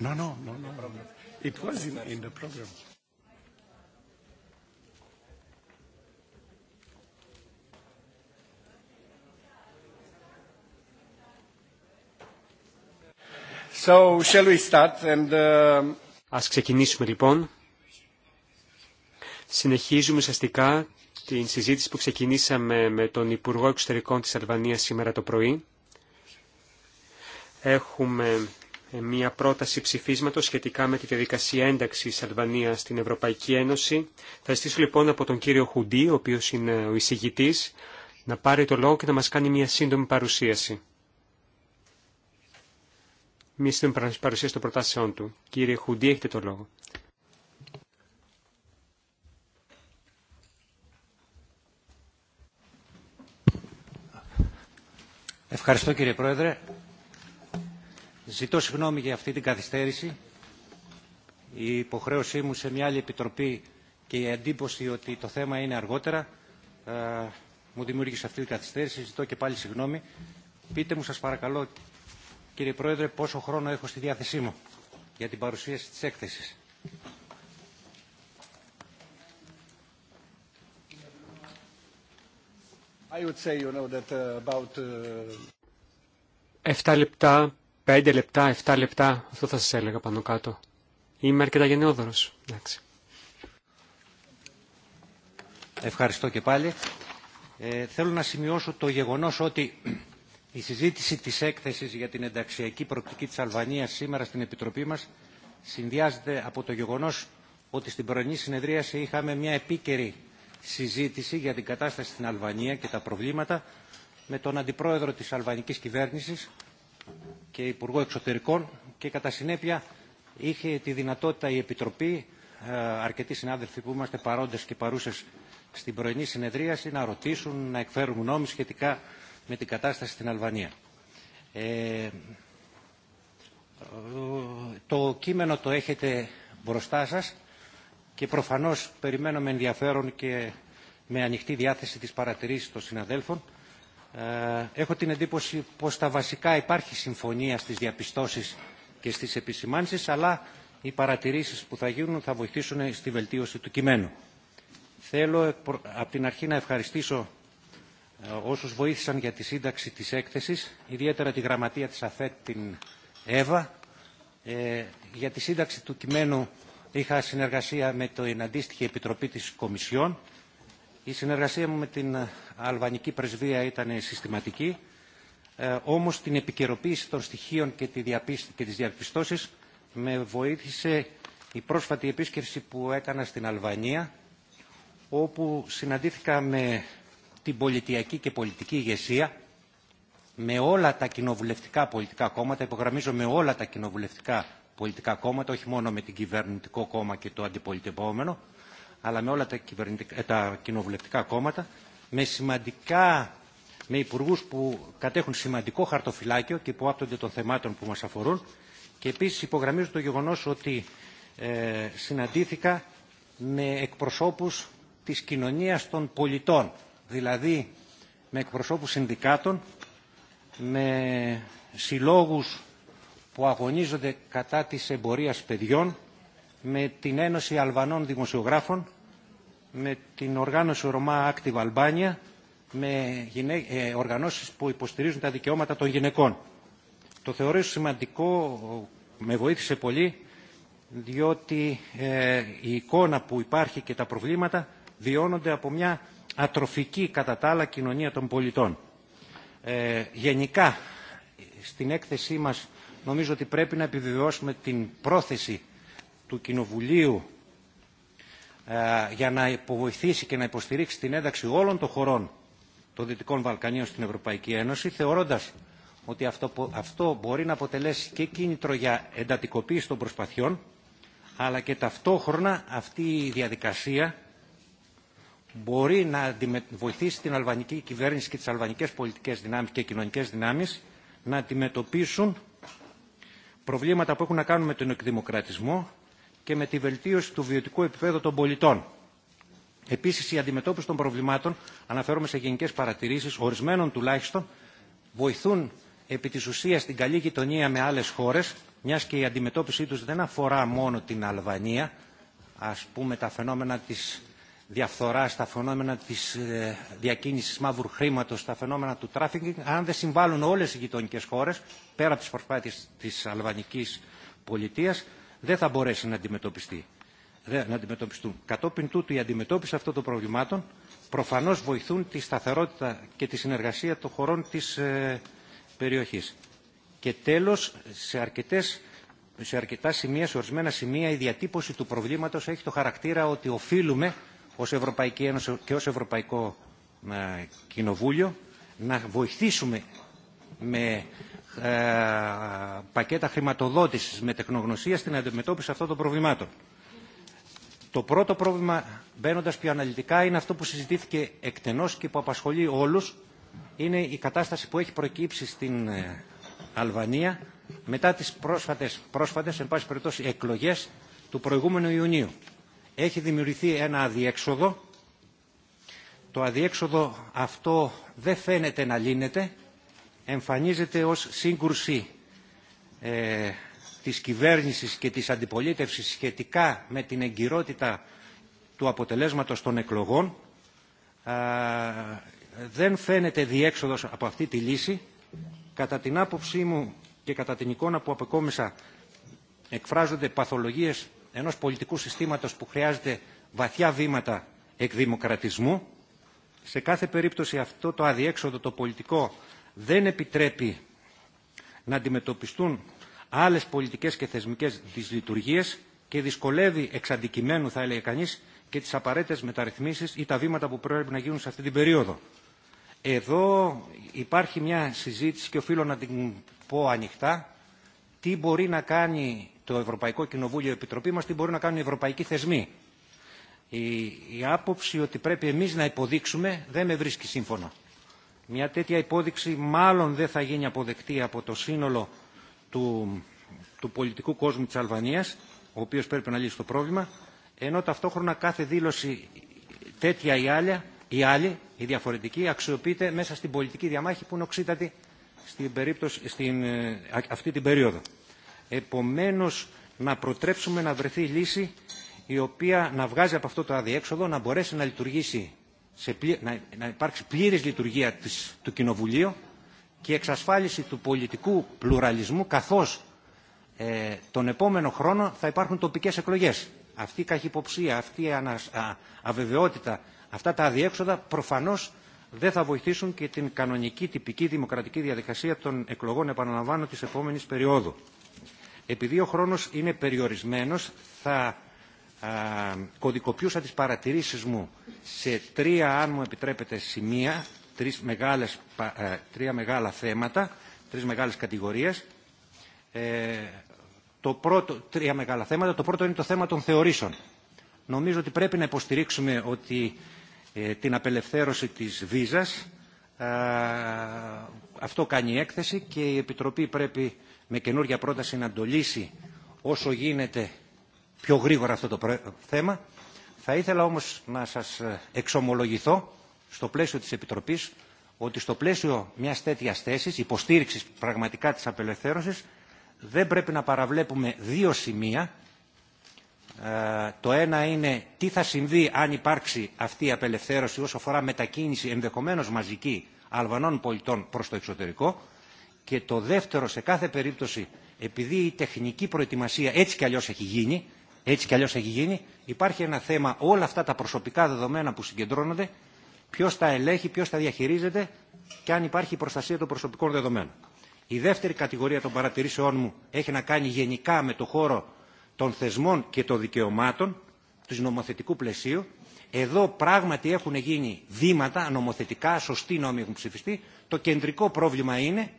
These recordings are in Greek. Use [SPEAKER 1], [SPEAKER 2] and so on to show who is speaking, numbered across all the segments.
[SPEAKER 1] No, no, no, no. It was in, um,
[SPEAKER 2] Ας ξεκινήσουμε λοιπόν. Συνεχίζουμε ουσιαστικά την συζήτηση που ξεκινήσαμε με τον Υπουργό Εξωτερικών της Αλβανίας σήμερα το πρωί έχουμε ε, μια πρόταση ψηφίσματος σχετικά με τη διαδικασία ένταξης Αλβανίας στην Ευρωπαϊκή Ένωση. Θα ζητήσω λοιπόν από τον κύριο Χουντή, ο οποίος είναι ο εισηγητής, να πάρει το λόγο και να μας κάνει μια σύντομη παρουσίαση. Μια σύντομη παρουσίαση των προτάσεών του. Κύριε Χουντή, έχετε το λόγο. Ευχαριστώ κύριε
[SPEAKER 1] Πρόεδρε. Ζητώ συγγνώμη για αυτή την καθυστέρηση. Η υποχρέωσή μου σε μια άλλη επιτροπή και η εντύπωση ότι το θέμα είναι αργότερα ε, μου δημιούργησε αυτή την καθυστέρηση. Ζητώ και πάλι συγγνώμη. Πείτε μου σας παρακαλώ κύριε Πρόεδρε πόσο χρόνο έχω στη διάθεσή μου για την παρουσίαση της έκθεσης.
[SPEAKER 3] Uh, uh,
[SPEAKER 2] Εφτά λεπτά 5 λεπτά, 7 λεπτά, αυτό θα σας έλεγα πάνω κάτω. Είμαι αρκετά γενναιόδωρος. Ευχαριστώ
[SPEAKER 1] και πάλι. Ε, θέλω να σημειώσω το γεγονός ότι η συζήτηση της έκθεσης για την ενταξιακή προοπτική της Αλβανίας σήμερα στην Επιτροπή μας συνδυάζεται από το γεγονός ότι στην πρωινή συνεδρίαση είχαμε μια επίκαιρη συζήτηση για την κατάσταση στην Αλβανία και τα προβλήματα με τον Αντιπρόεδρο της Αλβανικής Κυβέρνησης και Υπουργό Εξωτερικών και κατά συνέπεια είχε τη δυνατότητα η Επιτροπή, ε, αρκετοί συνάδελφοι που είμαστε παρόντες και παρούσες στην πρωινή συνεδρίαση, να ρωτήσουν, να εκφέρουν γνώμη σχετικά με την κατάσταση στην Αλβανία. Ε, το κείμενο το έχετε μπροστά σας και προφανώς περιμένω με ενδιαφέρον και με ανοιχτή διάθεση της παρατηρήσης των συναδέλφων. Ε, έχω την εντύπωση πως τα βασικά υπάρχει συμφωνία στις διαπιστώσεις και στις επισημάνσεις, αλλά οι παρατηρήσεις που θα γίνουν θα βοηθήσουν στη βελτίωση του κειμένου. Θέλω από την αρχή να ευχαριστήσω ε, όσους βοήθησαν για τη σύνταξη της έκθεσης, ιδιαίτερα τη γραμματεία της ΑΦΕΤ, την ΕΒΑ. Ε, για τη σύνταξη του κειμένου είχα συνεργασία με την αντίστοιχη επιτροπή της Κομισιόν η συνεργασία μου με την ε, αλβανική πρεσβεία ήταν συστηματική, ε, όμως την επικαιροποίηση των στοιχείων και, τη και τις διαπιστώσεις με βοήθησε η πρόσφατη επίσκεψη που έκανα στην Αλβανία, όπου συναντήθηκα με την πολιτιακή και πολιτική ηγεσία, με όλα τα κοινοβουλευτικά πολιτικά κόμματα, υπογραμμίζω με όλα τα κοινοβουλευτικά πολιτικά κόμματα, όχι μόνο με την κυβερνητικό κόμμα και το αντιπολιτευόμενο, αλλά με όλα τα, ε, τα κοινοβουλευτικά κόμματα, με σημαντικά με υπουργού που κατέχουν σημαντικό χαρτοφυλάκιο και που άπτονται των θεμάτων που μας αφορούν και επίσης υπογραμμίζω το γεγονός ότι ε, συναντήθηκα με εκπροσώπους της κοινωνίας των πολιτών, δηλαδή με εκπροσώπους συνδικάτων, με συλλόγους που αγωνίζονται κατά της εμπορίας παιδιών, με την Ένωση Αλβανών Δημοσιογράφων, με την οργάνωση Ρωμά Active Albania, με γυναί... Ε, οργανώσεις που υποστηρίζουν τα δικαιώματα των γυναικών. Το θεωρώ σημαντικό, με βοήθησε πολύ, διότι ε, η εικόνα που υπάρχει και τα προβλήματα βιώνονται από μια ατροφική κατά τα άλλα κοινωνία των πολιτών. Ε, γενικά, στην έκθεσή μας νομίζω ότι πρέπει να επιβεβαιώσουμε την πρόθεση του Κοινοβουλίου ε, για να υποβοηθήσει και να υποστηρίξει την ένταξη όλων των χωρών των Δυτικών Βαλκανίων στην Ευρωπαϊκή Ένωση, θεωρώντας ότι αυτό, αυτό μπορεί να αποτελέσει και κίνητρο για εντατικοποίηση των προσπαθειών, αλλά και ταυτόχρονα αυτή η διαδικασία μπορεί να βοηθήσει την αλβανική κυβέρνηση και τις αλβανικές πολιτικές δυνάμεις και κοινωνικές δυνάμεις να αντιμετωπίσουν προβλήματα που έχουν να κάνουν με τον εκδημοκρατισμό, και με τη βελτίωση του βιωτικού επίπεδου των πολιτών. Επίση, η αντιμετώπιση των προβλημάτων, αναφέρομαι σε γενικέ παρατηρήσει, ορισμένων τουλάχιστον, βοηθούν επί τη ουσία την καλή γειτονία με άλλε χώρε, μια και η αντιμετώπιση του δεν αφορά μόνο την Αλβανία, α πούμε τα φαινόμενα τη διαφθορά, τα φαινόμενα τη ε, διακίνηση μαύρου χρήματο, τα φαινόμενα του τράφικινγκ, αν δεν συμβάλλουν όλε οι γειτονικέ χώρε, πέρα από τι προσπάθειε τη αλβανική πολιτεία, δεν θα μπορέσει να αντιμετωπιστεί. Να αντιμετωπιστούν. Κατόπιν τούτου η αντιμετώπιση αυτών των προβλημάτων προφανώς βοηθούν τη σταθερότητα και τη συνεργασία των χωρών της ε, περιοχής. Και τέλος, σε, σε αρκετά σημεία, σε ορισμένα σημεία, η διατύπωση του προβλήματος έχει το χαρακτήρα ότι οφείλουμε ω Ευρωπαϊκή Ένωση και ω Ευρωπαϊκό ε, Κοινοβούλιο να βοηθήσουμε με ε, πακέτα χρηματοδότησης με τεχνογνωσία στην αντιμετώπιση αυτών των προβλημάτων. Το πρώτο πρόβλημα, μπαίνοντα πιο αναλυτικά, είναι αυτό που συζητήθηκε εκτενώς και που απασχολεί όλους. Είναι η κατάσταση που έχει προκύψει στην ε, Αλβανία μετά τις πρόσφατες, πρόσφατες εν πάση περιπτώσει, εκλογές του προηγούμενου Ιουνίου. Έχει δημιουργηθεί ένα αδιέξοδο. Το αδιέξοδο αυτό δεν φαίνεται να λύνεται εμφανίζεται ως σύγκρουση ε, της κυβέρνησης και της αντιπολίτευσης σχετικά με την εγκυρότητα του αποτελέσματος των εκλογών δεν φαίνεται διέξοδος από αυτή τη λύση. Κατά την άποψή μου και κατά την εικόνα που αποκόμισα, εκφράζονται παθολογίες ενός πολιτικού συστήματος που χρειάζεται βαθιά βήματα εκδημοκρατισμού. Σε κάθε περίπτωση αυτό το αδιέξοδο το πολιτικό δεν επιτρέπει να αντιμετωπιστούν άλλες πολιτικές και θεσμικές δυσλειτουργίες και δυσκολεύει εξ αντικειμένου, θα έλεγε κανείς, και τις απαραίτητες μεταρρυθμίσεις ή τα βήματα που πρέπει να γίνουν σε αυτή την περίοδο. Εδώ υπάρχει μια συζήτηση και οφείλω να την πω ανοιχτά τι μπορεί να κάνει το Ευρωπαϊκό Κοινοβούλιο Επιτροπή μας, τι μπορεί να κάνουν οι ευρωπαϊκοί θεσμοί. Η, άποψη ότι πρέπει εμείς να υποδείξουμε δεν με βρίσκει σύμφωνα. Μια τέτοια υπόδειξη μάλλον δεν θα γίνει αποδεκτή από το σύνολο του, του πολιτικού κόσμου της Αλβανίας, ο οποίος πρέπει να λύσει το πρόβλημα, ενώ ταυτόχρονα κάθε δήλωση τέτοια ή άλλα, η άλλη η διαφορετική, αξιοποιείται μέσα στην πολιτική διαμάχη που είναι οξύτατη στην περίπτωση, στην, ε, αυτή την περίοδο. Επομένως, να προτρέψουμε να βρεθεί λύση η διαφορετικη αξιοποιειται μεσα στην πολιτικη διαμαχη που ειναι οξυτατη στην στην αυτη την περιοδο επομενως να βγάζει από αυτό το αδιέξοδο, να μπορέσει να λειτουργήσει σε να... υπάρξει πλήρης λειτουργία της... του Κοινοβουλίου και εξασφάλιση του πολιτικού πλουραλισμού καθώς ε, τον επόμενο χρόνο θα υπάρχουν τοπικές εκλογές. Αυτή η καχυποψία, αυτή η ανα... αβεβαιότητα, αυτά τα αδιέξοδα προφανώς δεν θα βοηθήσουν και την κανονική τυπική δημοκρατική διαδικασία των εκλογών, επαναλαμβάνω, της επόμενης περίοδου. Επειδή ο χρόνος είναι περιορισμένος, θα κωδικοποιούσα τις παρατηρήσεις μου σε τρία, αν μου επιτρέπετε, σημεία, τρεις μεγάλες, ε, τρία μεγάλα θέματα, τρεις μεγάλες κατηγορίες. Ε, το πρώτο, τρία μεγάλα θέματα. Το πρώτο είναι το θέμα των θεωρήσεων. Νομίζω ότι πρέπει να υποστηρίξουμε ότι ε, την απελευθέρωση της βίζας αυτό κάνει η έκθεση και η Επιτροπή πρέπει με καινούργια πρόταση να το όσο γίνεται πιο γρήγορα αυτό το θέμα. Θα ήθελα όμως να σας ε, εξομολογηθώ στο πλαίσιο της Επιτροπής ότι στο πλαίσιο μιας τέτοιας θέσης, υποστήριξης πραγματικά της απελευθέρωσης, δεν πρέπει να παραβλέπουμε δύο σημεία. Ε, το ένα είναι τι θα συμβεί αν υπάρξει αυτή η απελευθέρωση όσο αφορά μετακίνηση ενδεχομένως μαζική Αλβανών πολιτών προς το εξωτερικό και το δεύτερο σε κάθε περίπτωση επειδή η τεχνική προετοιμασία έτσι κι αλλιώς έχει γίνει έτσι κι αλλιώς έχει γίνει, υπάρχει ένα θέμα όλα αυτά τα προσωπικά δεδομένα που συγκεντρώνονται, ποιος τα ελέγχει, ποιος τα διαχειρίζεται και αν υπάρχει η προστασία των προσωπικών δεδομένων. Η δεύτερη κατηγορία των παρατηρήσεών μου έχει να κάνει γενικά με το χώρο των θεσμών και των δικαιωμάτων, του νομοθετικού πλαισίου. Εδώ πράγματι έχουν γίνει βήματα νομοθετικά, σωστοί νόμοι έχουν ψηφιστεί. Το κεντρικό πρόβλημα είναι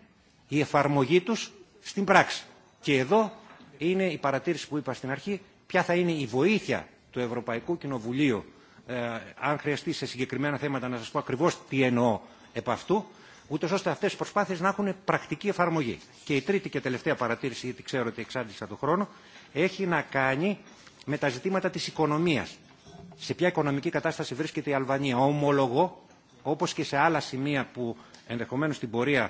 [SPEAKER 1] η εφαρμογή του στην πράξη. Και εδώ είναι η παρατήρηση που είπα στην αρχή, ποια θα είναι η βοήθεια του Ευρωπαϊκού Κοινοβουλίου, ε, αν χρειαστεί σε συγκεκριμένα θέματα να σας πω ακριβώς τι εννοώ επ' αυτού, ούτω ώστε αυτέ οι προσπάθειε να έχουν πρακτική εφαρμογή. Και η τρίτη και τελευταία παρατήρηση, γιατί ξέρω ότι εξάντλησα τον χρόνο, έχει να κάνει με τα ζητήματα τη οικονομία. Σε ποια οικονομική κατάσταση βρίσκεται η Αλβανία. Ομολογώ, όπω και σε άλλα σημεία που ενδεχομένω στην πορεία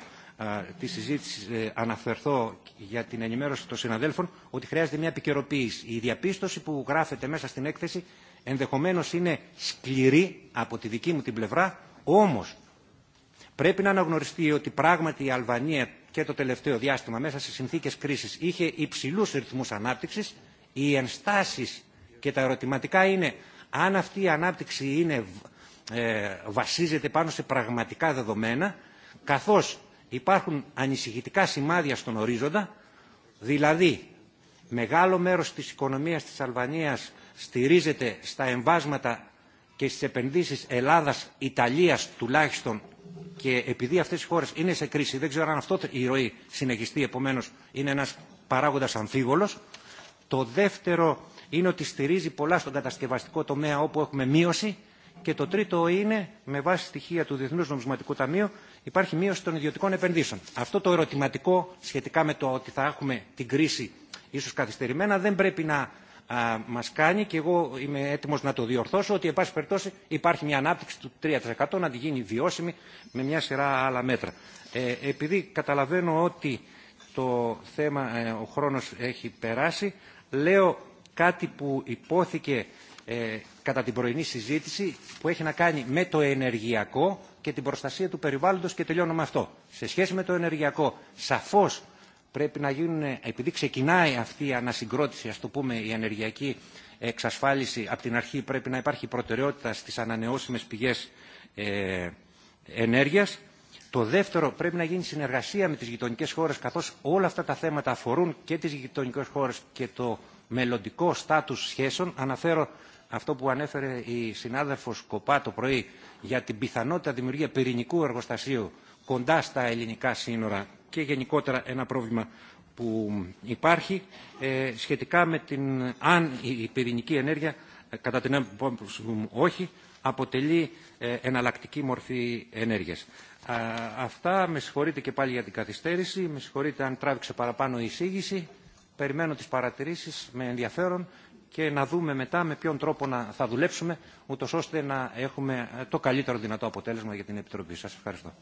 [SPEAKER 1] τη συζήτηση ε, αναφερθώ για την ενημέρωση των συναδέλφων ότι χρειάζεται μια επικαιροποίηση. Η διαπίστωση που γράφεται μέσα στην έκθεση ενδεχομένως είναι σκληρή από τη δική μου την πλευρά, όμως πρέπει να αναγνωριστεί ότι πράγματι η Αλβανία και το τελευταίο διάστημα μέσα σε συνθήκες κρίσης είχε υψηλού ρυθμούς ανάπτυξης, οι ενστάσεις και τα ερωτηματικά είναι αν αυτή η ανάπτυξη είναι, ε, βασίζεται πάνω σε πραγματικά δεδομένα, καθώς υπάρχουν ανησυχητικά σημάδια στον ορίζοντα, δηλαδή μεγάλο μέρος της οικονομίας της Αλβανίας στηρίζεται στα εμβάσματα και στις επενδύσεις Ελλάδας, Ιταλίας τουλάχιστον και επειδή αυτές οι χώρες είναι σε κρίση, δεν ξέρω αν αυτό η ροή συνεχιστεί, επομένως είναι ένας παράγοντας αμφίβολος. Το δεύτερο είναι ότι στηρίζει πολλά στον κατασκευαστικό τομέα όπου έχουμε μείωση και το τρίτο είναι, με βάση στοιχεία του Διεθνούς Νομισματικού Ταμείου, υπάρχει μείωση των ιδιωτικών επενδύσεων. Αυτό το ερωτηματικό σχετικά με το ότι θα έχουμε την κρίση ίσως καθυστερημένα δεν πρέπει να μα μας κάνει και εγώ είμαι έτοιμος να το διορθώσω ότι εν πάση περιπτώσει υπάρχει μια ανάπτυξη του 3% να τη γίνει βιώσιμη με μια σειρά άλλα μέτρα. Ε, επειδή καταλαβαίνω ότι το θέμα, ε, ο χρόνος έχει περάσει, λέω κάτι που υπόθηκε ε, κατά την πρωινή συζήτηση που έχει να κάνει με το ενεργειακό και την προστασία του περιβάλλοντος και τελειώνω με αυτό. Σε σχέση με το ενεργειακό, σαφώς πρέπει να γίνουν, επειδή ξεκινάει αυτή η ανασυγκρότηση, ας το πούμε, η ενεργειακή εξασφάλιση, από την αρχή πρέπει να υπάρχει προτεραιότητα στις ανανεώσιμες πηγές ε, ενέργειας. Το δεύτερο πρέπει να γίνει συνεργασία με τις γειτονικές χώρες, καθώς όλα αυτά τα θέματα αφορούν και τις γειτονικές χώρες και το μελλοντικό στάτους σχέσεων. Αναφέρω αυτό που ανέφερε η συνάδελφος Κοπά το πρωί για την πιθανότητα δημιουργία πυρηνικού εργοστασίου κοντά στα ελληνικά σύνορα και γενικότερα ένα πρόβλημα που υπάρχει ε, σχετικά με την αν η πυρηνική ενέργεια, ε, κατά την άποψή μου όχι, αποτελεί ε, εναλλακτική μορφή ενέργειας. αυτά με συγχωρείτε και πάλι για την καθυστέρηση, με συγχωρείτε αν τράβηξε παραπάνω η εισήγηση. Περιμένω τις παρατηρήσεις με ενδιαφέρον και να δούμε μετά με ποιον τρόπο να θα δουλέψουμε, ούτω ώστε να έχουμε το καλύτερο δυνατό αποτέλεσμα για την Επιτροπή. Σα ευχαριστώ.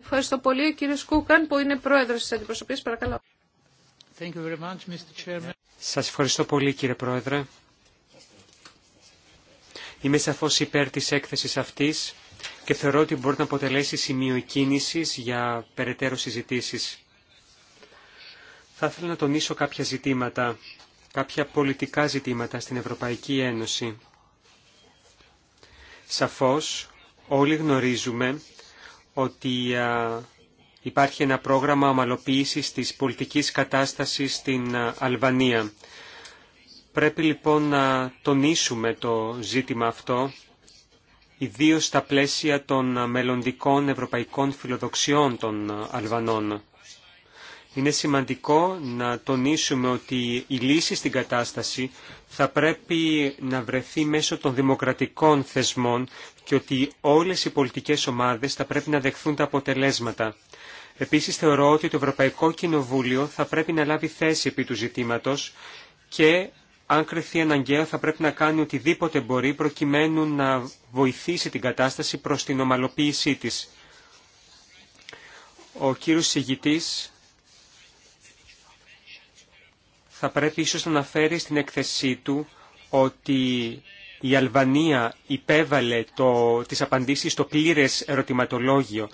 [SPEAKER 4] Ευχαριστώ πολύ, ο κύριος Κούκαν, που είναι πρόεδρος της αντιπροσωπείας. Παρακαλώ.
[SPEAKER 2] Σας ευχαριστώ πολύ, κύριε Πρόεδρε. Είμαι σαφώς υπέρ της έκθεσης αυτής και θεωρώ ότι μπορεί να αποτελέσει σημείο κίνησης για περαιτέρω συζητήσεις. Θα ήθελα να τονίσω κάποια ζητήματα, κάποια πολιτικά ζητήματα στην Ευρωπαϊκή Ένωση. Σαφώς όλοι γνωρίζουμε ότι υπάρχει ένα πρόγραμμα ομαλοποίησης της πολιτικής κατάστασης στην Αλβανία. Πρέπει λοιπόν να τονίσουμε το ζήτημα αυτό, ιδίως στα πλαίσια των μελλοντικών ευρωπαϊκών φιλοδοξιών των Αλβανών. Είναι σημαντικό να τονίσουμε ότι η λύση στην κατάσταση θα πρέπει να βρεθεί μέσω των δημοκρατικών θεσμών και ότι όλες οι πολιτικές ομάδες θα πρέπει να δεχθούν τα αποτελέσματα. Επίσης θεωρώ ότι το Ευρωπαϊκό Κοινοβούλιο θα πρέπει να λάβει θέση επί του ζητήματος και αν κρυθεί αναγκαίο θα πρέπει να κάνει οτιδήποτε μπορεί προκειμένου να βοηθήσει την κατάσταση προς την ομαλοποίησή της. Ο κύριος συγητής θα πρέπει ίσως να αναφέρει στην εκθεσή του ότι η Αλβανία υπέβαλε το, τις απαντήσεις στο πλήρες ερωτηματολόγιο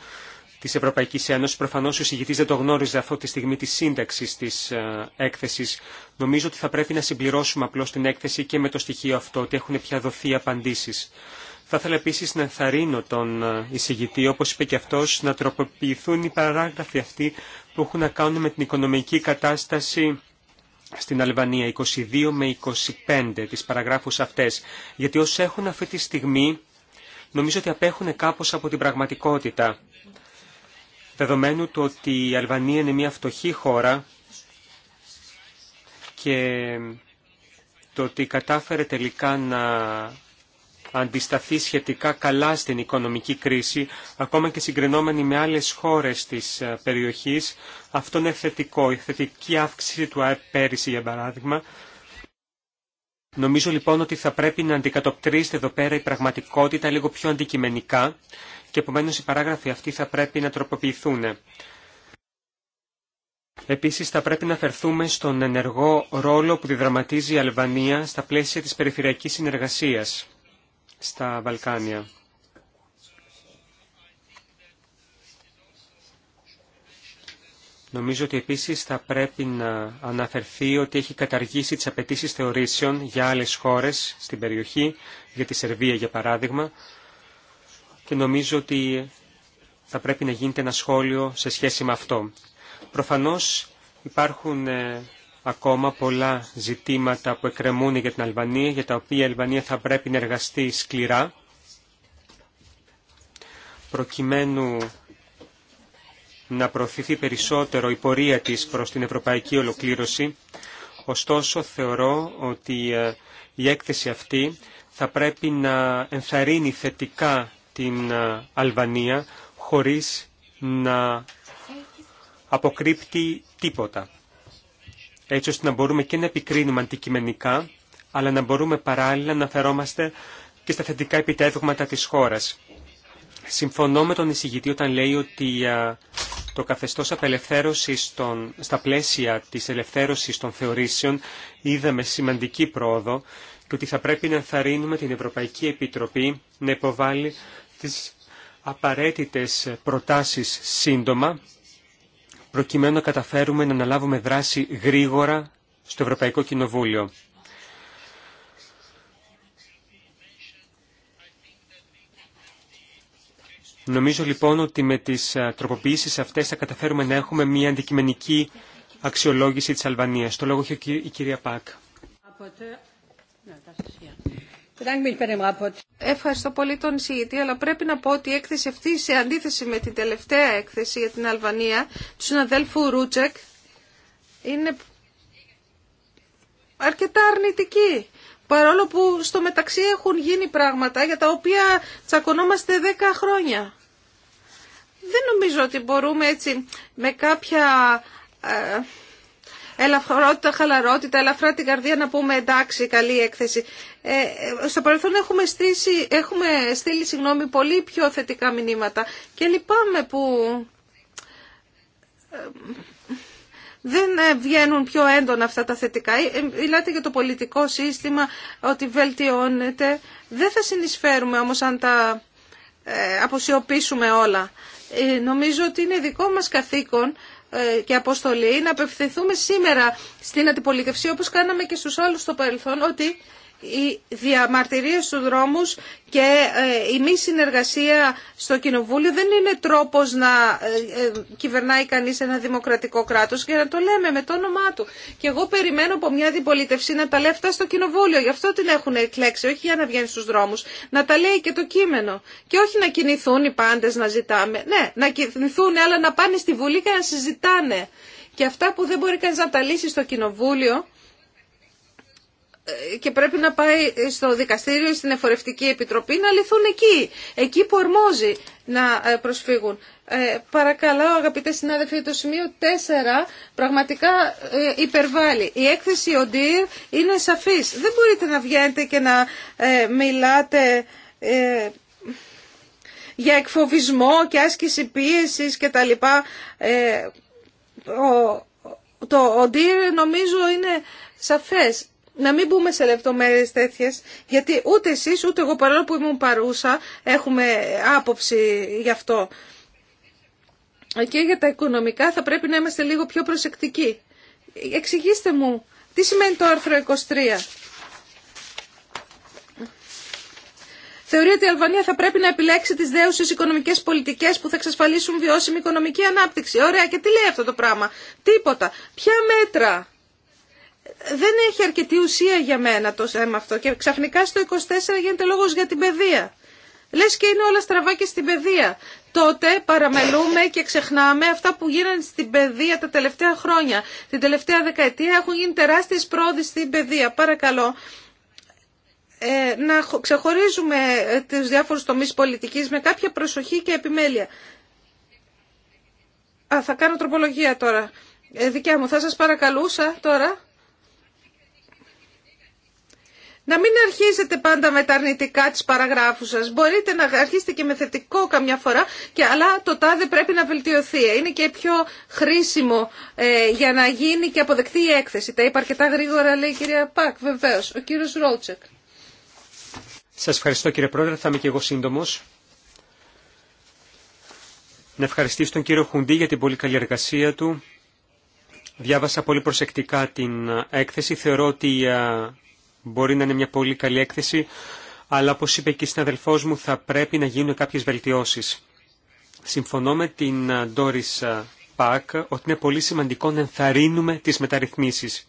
[SPEAKER 2] της Ευρωπαϊκής Ένωσης. Προφανώς ο συγητής δεν το γνώριζε αυτό τη στιγμή της σύνταξης της ε, έκθεσης. Νομίζω ότι θα πρέπει να συμπληρώσουμε απλώς την έκθεση και με το στοιχείο αυτό, ότι έχουν πια δοθεί απαντήσεις. Θα ήθελα επίση να ενθαρρύνω τον ε, εισηγητή, όπω είπε και αυτό, να τροποποιηθούν οι παράγραφοι αυτοί που έχουν να κάνουν με την οικονομική κατάσταση στην Αλβανία, 22 με 25 τις παραγράφους αυτές, γιατί όσοι έχουν αυτή τη στιγμή νομίζω ότι απέχουν κάπως από την πραγματικότητα. Δεδομένου το ότι η Αλβανία είναι μια φτωχή χώρα και το ότι κατάφερε τελικά να αντισταθεί σχετικά καλά στην οικονομική κρίση, ακόμα και συγκρινόμενη με άλλες χώρες της ε, περιοχής. Αυτό είναι θετικό. Η θετική αύξηση του ΑΕΠ πέρυσι, για παράδειγμα, Νομίζω λοιπόν ότι θα πρέπει να αντικατοπτρίζεται εδώ πέρα η πραγματικότητα λίγο πιο αντικειμενικά και επομένως οι παράγραφοι αυτοί θα πρέπει να τροποποιηθούν. Επίσης θα πρέπει να αφαιρθούμε στον ενεργό ρόλο που διδραματίζει η Αλβανία στα πλαίσια της περιφερειακής συνεργασίας στα Βαλκάνια. Νομίζω ότι επίσης θα πρέπει να αναφερθεί ότι έχει καταργήσει τις απαιτήσει θεωρήσεων για άλλες χώρες στην περιοχή, για τη Σερβία για παράδειγμα, και νομίζω ότι θα πρέπει να γίνεται ένα σχόλιο σε σχέση με αυτό. Προφανώς υπάρχουν ε, ακόμα πολλά ζητήματα που εκκρεμούν για την Αλβανία, για τα οποία η Αλβανία θα πρέπει να εργαστεί σκληρά, προκειμένου να προωθηθεί περισσότερο η πορεία της προς την ευρωπαϊκή ολοκλήρωση. Ωστόσο, θεωρώ ότι ε, η έκθεση αυτή θα πρέπει να ενθαρρύνει θετικά την ε, Αλβανία χωρίς να αποκρύπτει τίποτα έτσι ώστε να μπορούμε και να επικρίνουμε αντικειμενικά, αλλά να μπορούμε παράλληλα να φερόμαστε και στα θετικά επιτεύγματα της χώρας. Συμφωνώ με τον εισηγητή όταν λέει ότι το καθεστώς απελευθέρωσης των, στα πλαίσια της ελευθέρωσης των θεωρήσεων είδαμε σημαντική πρόοδο και ότι θα πρέπει να ενθαρρύνουμε την Ευρωπαϊκή Επιτροπή να υποβάλει τις απαραίτητες προτάσεις σύντομα προκειμένου να καταφέρουμε να αναλάβουμε δράση γρήγορα στο Ευρωπαϊκό Κοινοβούλιο. Νομίζω λοιπόν ότι με τις τροποποιήσεις αυτές θα καταφέρουμε να έχουμε μια αντικειμενική αξιολόγηση της Αλβανίας. Το λόγο έχει η κυρία Πακ.
[SPEAKER 4] Ναι, Ευχαριστώ πολύ τον εισηγητή, αλλά πρέπει να πω ότι η έκθεση αυτή, σε αντίθεση με την τελευταία έκθεση για την Αλβανία, του συναδέλφου Ρούτσεκ, είναι αρκετά αρνητική. Παρόλο που στο μεταξύ έχουν γίνει πράγματα για τα οποία τσακωνόμαστε 10 χρόνια. Δεν νομίζω ότι μπορούμε έτσι με κάποια ε, ελαφρότητα, χαλαρότητα, ελαφρά την καρδία να πούμε εντάξει, καλή έκθεση. Ε, στο παρελθόν έχουμε, στήσει, έχουμε στείλει συγγνώμη, πολύ πιο θετικά μηνύματα και λυπάμαι που ε, δεν ε, βγαίνουν πιο έντονα αυτά τα θετικά. Ε, μιλάτε για το πολιτικό σύστημα, ότι βελτιώνεται. Δεν θα συνεισφέρουμε όμως αν τα αποσιωπήσουμε όλα. Νομίζω ότι είναι δικό μας καθήκον ε, και αποστολή να απευθυνθούμε σήμερα στην αντιπολίτευση όπως κάναμε και στους άλλους στο παρελθόν ότι οι διαμαρτυρίες στους δρόμους και ε, η μη συνεργασία στο Κοινοβούλιο δεν είναι τρόπος να ε, ε, κυβερνάει κανείς ένα δημοκρατικό κράτος και να το λέμε με το όνομά του. Και εγώ περιμένω από μια αντιπολίτευση να τα λέει αυτά στο Κοινοβούλιο. Γι' αυτό την έχουν εκλέξει, όχι για να βγαίνει στους δρόμους. Να τα λέει και το κείμενο. Και όχι να κινηθούν οι πάντες να ζητάμε. Ναι, να κινηθούν, αλλά να πάνε στη Βουλή και να συζητάνε. Και αυτά που δεν μπορεί κανείς να τα λύσει στο Κοινοβούλιο, και πρέπει να πάει στο δικαστήριο, στην εφορευτική επιτροπή, να λυθούν εκεί, εκεί που ορμοζει να ε, προσφύγουν. Ε, παρακαλώ αγαπητέ συνάδελφοι, το σημείο 4 πραγματικά ε, υπερβάλλει. Η έκθεση Ντύρ είναι σαφής. Δεν μπορείτε να βγαίνετε και να ε, μιλάτε για εκφοβισμό και άσκηση πίεσης και τα λοιπά. το ΟΝΤΙΡ νομίζω είναι σαφές να μην μπούμε σε λεπτομέρειες τέτοιες, γιατί ούτε εσείς, ούτε εγώ παρόλο που ήμουν παρούσα, έχουμε άποψη γι' αυτό. Και για τα οικονομικά θα πρέπει να είμαστε λίγο πιο προσεκτικοί. Εξηγήστε μου, τι σημαίνει το άρθρο 23. Θεωρεί ότι η Αλβανία θα πρέπει να επιλέξει τι δέουσε οικονομικέ πολιτικέ που θα εξασφαλίσουν βιώσιμη οικονομική ανάπτυξη. Ωραία, και τι λέει αυτό το πράγμα. Τίποτα. Ποια μέτρα δεν έχει αρκετή ουσία για μένα το θέμα αυτό και ξαφνικά στο 24 γίνεται λόγος για την παιδεία. Λες και είναι όλα στραβά και στην παιδεία. Τότε παραμελούμε και ξεχνάμε αυτά που γίνανε στην παιδεία τα τελευταία χρόνια. Την τελευταία δεκαετία έχουν γίνει τεράστιες πρόοδοι στην παιδεία. Παρακαλώ ε, να ξεχωρίζουμε ε, τις διάφορους τομείς πολιτικής με κάποια προσοχή και επιμέλεια. Α, θα κάνω τροπολογία τώρα. Ε, δικιά μου, θα σας παρακαλούσα τώρα να μην αρχίζετε πάντα με τα αρνητικά τη παραγράφου σα. Μπορείτε να αρχίσετε και με θετικό καμιά φορά, και, αλλά το τάδε πρέπει να βελτιωθεί. Είναι και πιο χρήσιμο ε, για να γίνει και αποδεκτή η έκθεση. Τα είπα αρκετά γρήγορα, λέει η κυρία Πακ, βεβαίω, Ο κύριος Ρότσεκ.
[SPEAKER 2] Σας ευχαριστώ κύριε Πρόεδρε, θα είμαι και εγώ σύντομο. Να ευχαριστήσω τον κύριο Χουντή για την πολύ καλή εργασία του. Διάβασα πολύ προσεκτικά την ε, έκθεση. Θεωρώ ότι ε, Μπορεί να είναι μια πολύ καλή έκθεση, αλλά όπως είπε και η συναδελφός μου θα πρέπει να γίνουν κάποιες βελτιώσεις. Συμφωνώ με την ε, Doris ε, Πακ ότι είναι πολύ σημαντικό να ενθαρρύνουμε τις μεταρρυθμίσεις.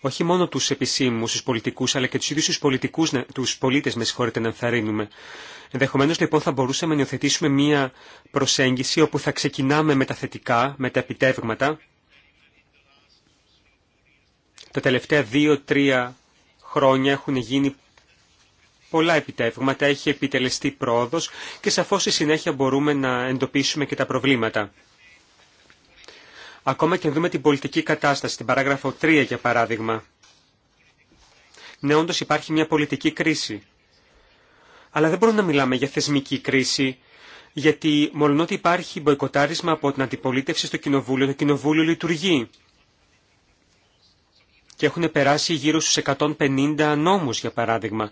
[SPEAKER 2] Όχι μόνο τους επισήμους, τους πολιτικούς, αλλά και τους ίδιους τους, πολιτικούς, τους πολίτες, με συγχωρείτε, να ενθαρρύνουμε. Ενδεχομένως, λοιπόν, θα μπορούσαμε να υιοθετήσουμε μία προσέγγιση όπου θα ξεκινάμε με τα θετικά, με τα επιτεύγματα, τα τελευταία δύο-τρία χρόνια έχουν γίνει πολλά επιτεύγματα, έχει επιτελεστεί πρόοδος και σαφώς στη συνέχεια μπορούμε να εντοπίσουμε και τα προβλήματα. Ακόμα και δούμε την πολιτική κατάσταση, την παράγραφο 3 για παράδειγμα. Ναι, όντως υπάρχει μια πολιτική κρίση. Αλλά δεν μπορούμε να μιλάμε για θεσμική κρίση, γιατί μόλον ότι υπάρχει μποϊκοτάρισμα από την αντιπολίτευση στο Κοινοβούλιο, το Κοινοβούλιο λειτουργεί και έχουν περάσει γύρω στους 150 νόμους, για παράδειγμα.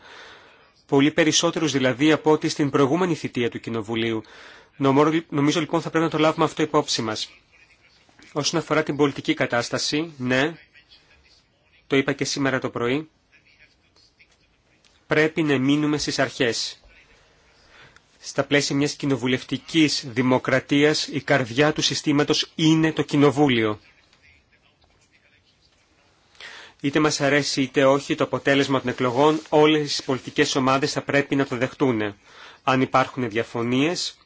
[SPEAKER 2] Πολύ περισσότερους δηλαδή από ό,τι στην προηγούμενη θητεία του Κοινοβουλίου. Νομίζω λοιπόν θα πρέπει να το λάβουμε αυτό υπόψη μας. Όσον αφορά την πολιτική κατάσταση, ναι, το είπα και σήμερα το πρωί, πρέπει να μείνουμε στις αρχές. Στα πλαίσια μιας κοινοβουλευτικής δημοκρατίας η καρδιά του συστήματος είναι το κοινοβούλιο. Είτε μας αρέσει είτε όχι το αποτέλεσμα των εκλογών, όλες οι πολιτικές ομάδες θα πρέπει να το δεχτούν. Αν υπάρχουν διαφωνίες,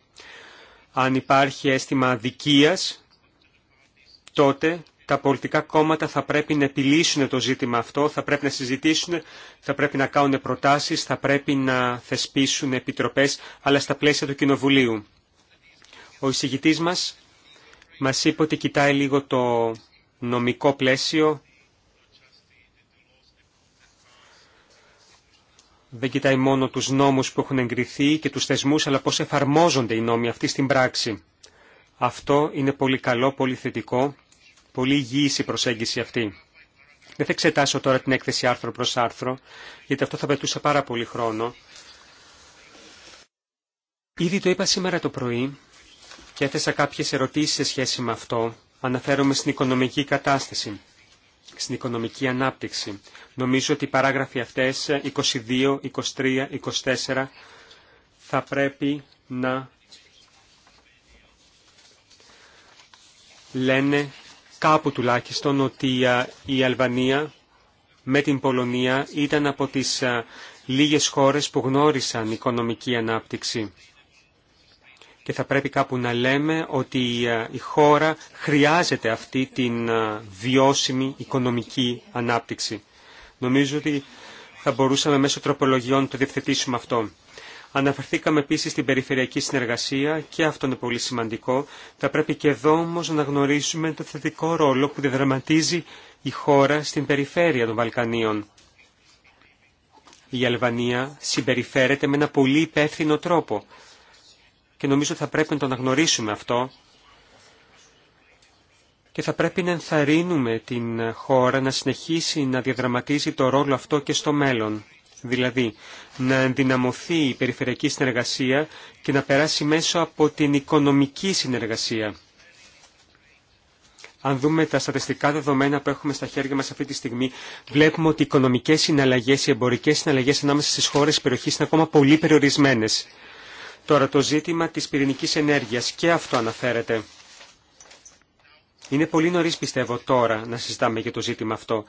[SPEAKER 2] αν υπάρχει αίσθημα αδικίας, τότε τα πολιτικά κόμματα θα πρέπει να επιλύσουν το ζήτημα αυτό, θα πρέπει να συζητήσουν, θα πρέπει να κάνουν προτάσεις, θα πρέπει να θεσπίσουν επιτροπές, αλλά στα πλαίσια του Κοινοβουλίου. Ο εισηγητής μας μας είπε ότι κοιτάει λίγο το νομικό πλαίσιο, δεν κοιτάει μόνο τους νόμους που έχουν εγκριθεί και τους θεσμούς, αλλά πώς εφαρμόζονται οι νόμοι αυτοί στην πράξη. Αυτό είναι πολύ καλό, πολύ θετικό, πολύ υγιής η προσέγγιση αυτή. Δεν θα εξετάσω τώρα την έκθεση άρθρο προς άρθρο, γιατί αυτό θα πετούσε πάρα πολύ χρόνο. Ήδη το είπα σήμερα το πρωί και έθεσα κάποιες ερωτήσεις σε σχέση με αυτό. Αναφέρομαι στην οικονομική κατάσταση στην οικονομική ανάπτυξη. Νομίζω ότι οι παράγραφοι αυτές 22, 23, 24 θα πρέπει να λένε κάπου τουλάχιστον ότι η Αλβανία με την Πολωνία ήταν από τις λίγες χώρες που γνώρισαν οικονομική ανάπτυξη και θα πρέπει κάπου να λέμε ότι ε, η χώρα χρειάζεται αυτή την ε, βιώσιμη οικονομική ανάπτυξη. Νομίζω ότι θα μπορούσαμε μέσω τροπολογιών να το διευθετήσουμε αυτό. Αναφερθήκαμε επίσης στην περιφερειακή συνεργασία και αυτό είναι πολύ σημαντικό. Θα πρέπει και εδώ όμω να γνωρίσουμε το θετικό ρόλο που διαδραματίζει η χώρα στην περιφέρεια των Βαλκανίων. Η Αλβανία συμπεριφέρεται με ένα πολύ υπεύθυνο τρόπο και νομίζω ότι θα πρέπει να το αναγνωρίσουμε αυτό και θα πρέπει να ενθαρρύνουμε την χώρα να συνεχίσει να διαδραματίζει το ρόλο αυτό και στο μέλλον. Δηλαδή, να ενδυναμωθεί η περιφερειακή συνεργασία και να περάσει μέσω από την οικονομική συνεργασία. Αν δούμε τα στατιστικά δεδομένα που έχουμε στα χέρια μας αυτή τη στιγμή, βλέπουμε ότι οι οικονομικές συναλλαγές, οι εμπορικές συναλλαγές ανάμεσα στις χώρες της περιοχής είναι ακόμα πολύ περιορισμένες. Τώρα το ζήτημα της πυρηνικής ενέργειας και αυτό αναφέρεται. Είναι πολύ νωρίς πιστεύω τώρα να συζητάμε για το ζήτημα αυτό.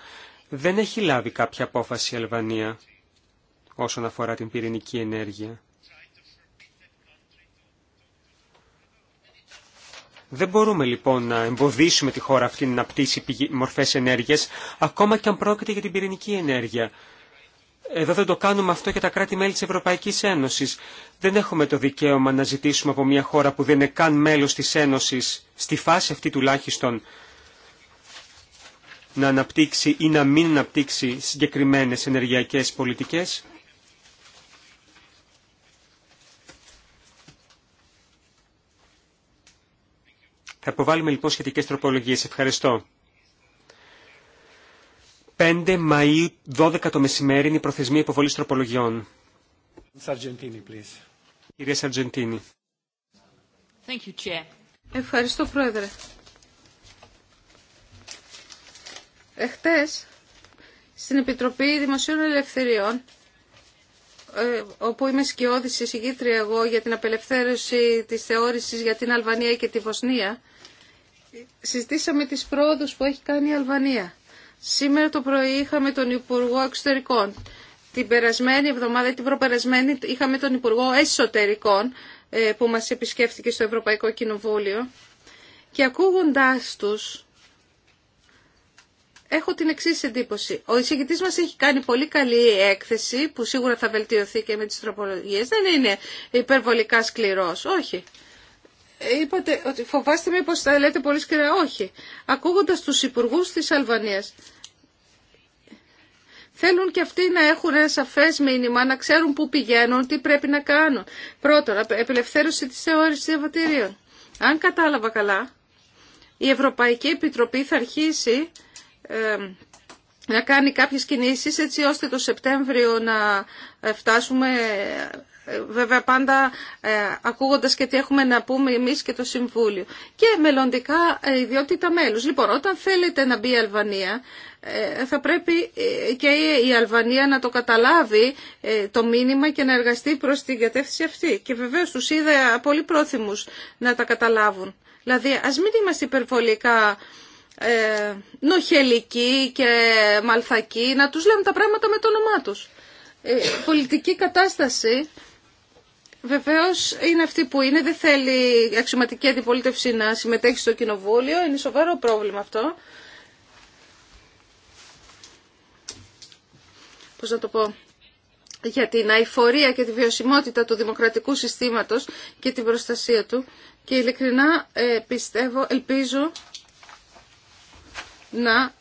[SPEAKER 2] Δεν έχει λάβει κάποια απόφαση η Αλβανία όσον αφορά την πυρηνική ενέργεια. Δεν μπορούμε λοιπόν να εμποδίσουμε τη χώρα αυτή να πτήσει μορφές ενέργειας, ακόμα και αν πρόκειται για την πυρηνική ενέργεια. Εδώ δεν το κάνουμε αυτό για τα κράτη-μέλη της Ευρωπαϊκής Ένωσης. Δεν έχουμε το δικαίωμα να ζητήσουμε από μια χώρα που δεν είναι καν μέλος της Ένωσης, στη φάση αυτή τουλάχιστον, να αναπτύξει ή να μην αναπτύξει συγκεκριμένες ενεργειακές πολιτικές. Θα υποβάλουμε λοιπόν σχετικές τροπολογίες. Ευχαριστώ. 5 Μαΐου 12 το μεσημέρι είναι η προθεσμία υποβολής τροπολογιών. Κυρία
[SPEAKER 4] Ευχαριστώ, Πρόεδρε. Εχθές, στην Επιτροπή Δημοσίων Ελευθεριών, ε, όπου είμαι σκιώδης εισηγήτρια εγώ για την απελευθέρωση της θεώρησης για την Αλβανία και τη Βοσνία, συζητήσαμε τις πρόοδους που έχει κάνει η Αλβανία Σήμερα το πρωί είχαμε τον Υπουργό Εξωτερικών. Την περασμένη εβδομάδα, την προπερασμένη, είχαμε τον Υπουργό Εσωτερικών ε, που μας επισκέφθηκε στο Ευρωπαϊκό Κοινοβούλιο. Και ακούγοντάς τους, έχω την εξή εντύπωση. Ο εισηγητή μα έχει κάνει πολύ καλή έκθεση που σίγουρα θα βελτιωθεί και με τι τροπολογίε. Δεν είναι υπερβολικά σκληρό. Όχι είπατε ότι φοβάστε με πως θα λέτε πολύ σκληρά. Όχι. Ακούγοντας τους υπουργούς της Αλβανίας, Θέλουν και αυτοί να έχουν ένα σαφέ μήνυμα, να ξέρουν πού πηγαίνουν, τι πρέπει να κάνουν. Πρώτον, απελευθέρωση τη θεώρησης διαβατηρίων. Αν κατάλαβα καλά, η Ευρωπαϊκή Επιτροπή θα αρχίσει να κάνει κάποιες κινήσεις έτσι ώστε το Σεπτέμβριο να ε, φτάσουμε βέβαια πάντα ε, ακούγοντας και τι έχουμε να πούμε εμείς και το Συμβούλιο. Και μελλοντικά ε, ιδιότητα μέλους. Λοιπόν, όταν θέλετε να μπει η Αλβανία, ε, θα πρέπει και η Αλβανία να το καταλάβει το μήνυμα και να εργαστεί προς την κατεύθυνση αυτή. Και βεβαίως τους είδα πολύ πρόθυμους να τα καταλάβουν. Δηλαδή, ας μην είμαστε υπερβολικά νοχελικοί και μαλθακοί, να τους λέμε τα πράγματα με το όνομά τους. πολιτική κατάσταση Βεβαίω είναι αυτή που είναι, δεν θέλει η αξιωματική αντιπολίτευση να συμμετέχει στο κοινοβούλιο, είναι σοβαρό πρόβλημα αυτό. Πώ να το πω, για την αηφορία και τη βιωσιμότητα του δημοκρατικού συστήματος και την προστασία του. Και ειλικρινά ε, πιστεύω, ελπίζω να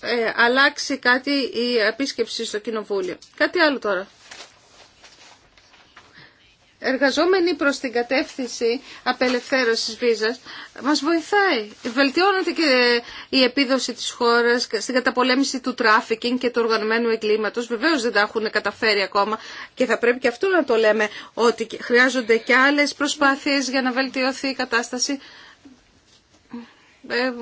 [SPEAKER 4] ε, αλλάξει κάτι η επίσκεψη στο Κοινοβούλιο. Κάτι άλλο τώρα εργαζόμενοι προς την κατεύθυνση απελευθέρωσης βίζας, μας βοηθάει. Βελτιώνεται και η επίδοση της χώρας στην καταπολέμηση του τράφικινγκ και του οργανωμένου εγκλήματος. Βεβαίως δεν τα έχουν καταφέρει ακόμα και θα πρέπει και αυτό να το λέμε ότι χρειάζονται και άλλες προσπάθειες για να βελτιωθεί η κατάσταση. Ε,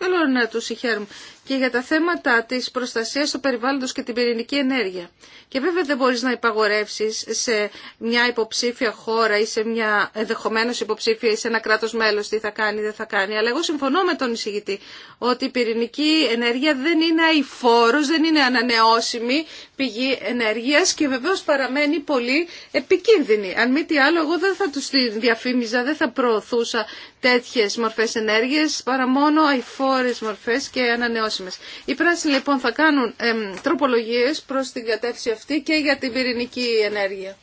[SPEAKER 4] καλό να του συγχαίρουμε. Και για τα θέματα της προστασίας του περιβάλλοντος και την πυρηνική ενέργεια. Και βέβαια δεν μπορεί να υπαγορεύσεις σε μια υποψήφια χώρα ή σε μια ενδεχομένω υποψήφια ή σε ένα κράτος μέλος τι θα κάνει, δεν θα κάνει. Αλλά εγώ συμφωνώ με τον εισηγητή ότι η πυρηνική ενέργεια δεν είναι αηφόρο, δεν είναι ανανεώσιμη, πηγή ενέργειας και βεβαίως παραμένει πολύ επικίνδυνη. Αν μη τι άλλο, εγώ δεν θα τους διαφήμιζα, δεν θα προωθούσα τέτοιες μορφές ενέργειας, παρά μόνο αηφόρες μορφές και ανανεώσιμες. Οι πράσινοι λοιπόν θα κάνουν τροπολογίες προς την κατεύθυνση αυτή και για την πυρηνική ενέργεια.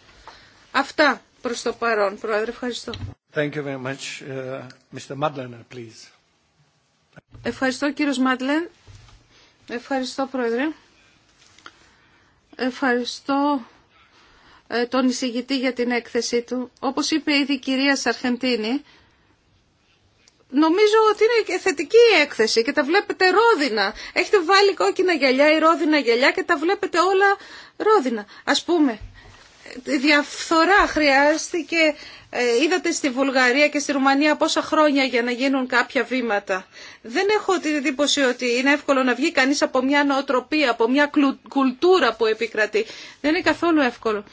[SPEAKER 4] Αυτά προς το παρόν, Πρόεδρε. Ευχαριστώ.
[SPEAKER 1] Thank you very much. Uh, Mr. please.
[SPEAKER 4] Ευχαριστώ κύριος Μάτλεν. Ευχαριστώ Πρόεδρε. Ευχαριστώ ε, τον εισηγητή για την έκθεσή του. Όπως είπε ήδη η κυρία Σαρχεντίνη, νομίζω ότι είναι θετική η έκθεση και τα βλέπετε ρόδινα. Έχετε βάλει κόκκινα γυαλιά ή ρόδινα γυαλιά και τα βλέπετε όλα ρόδινα. Ας πούμε, διαφθορά χρειάστηκε ε, είδατε στη Βουλγαρία και στη Ρουμανία πόσα χρόνια για να γίνουν κάποια βήματα. Δεν έχω την εντύπωση ότι είναι εύκολο να βγει κανείς από μια νοοτροπία, από μια κουλτούρα που επικρατεί. Δεν είναι καθόλου εύκολο.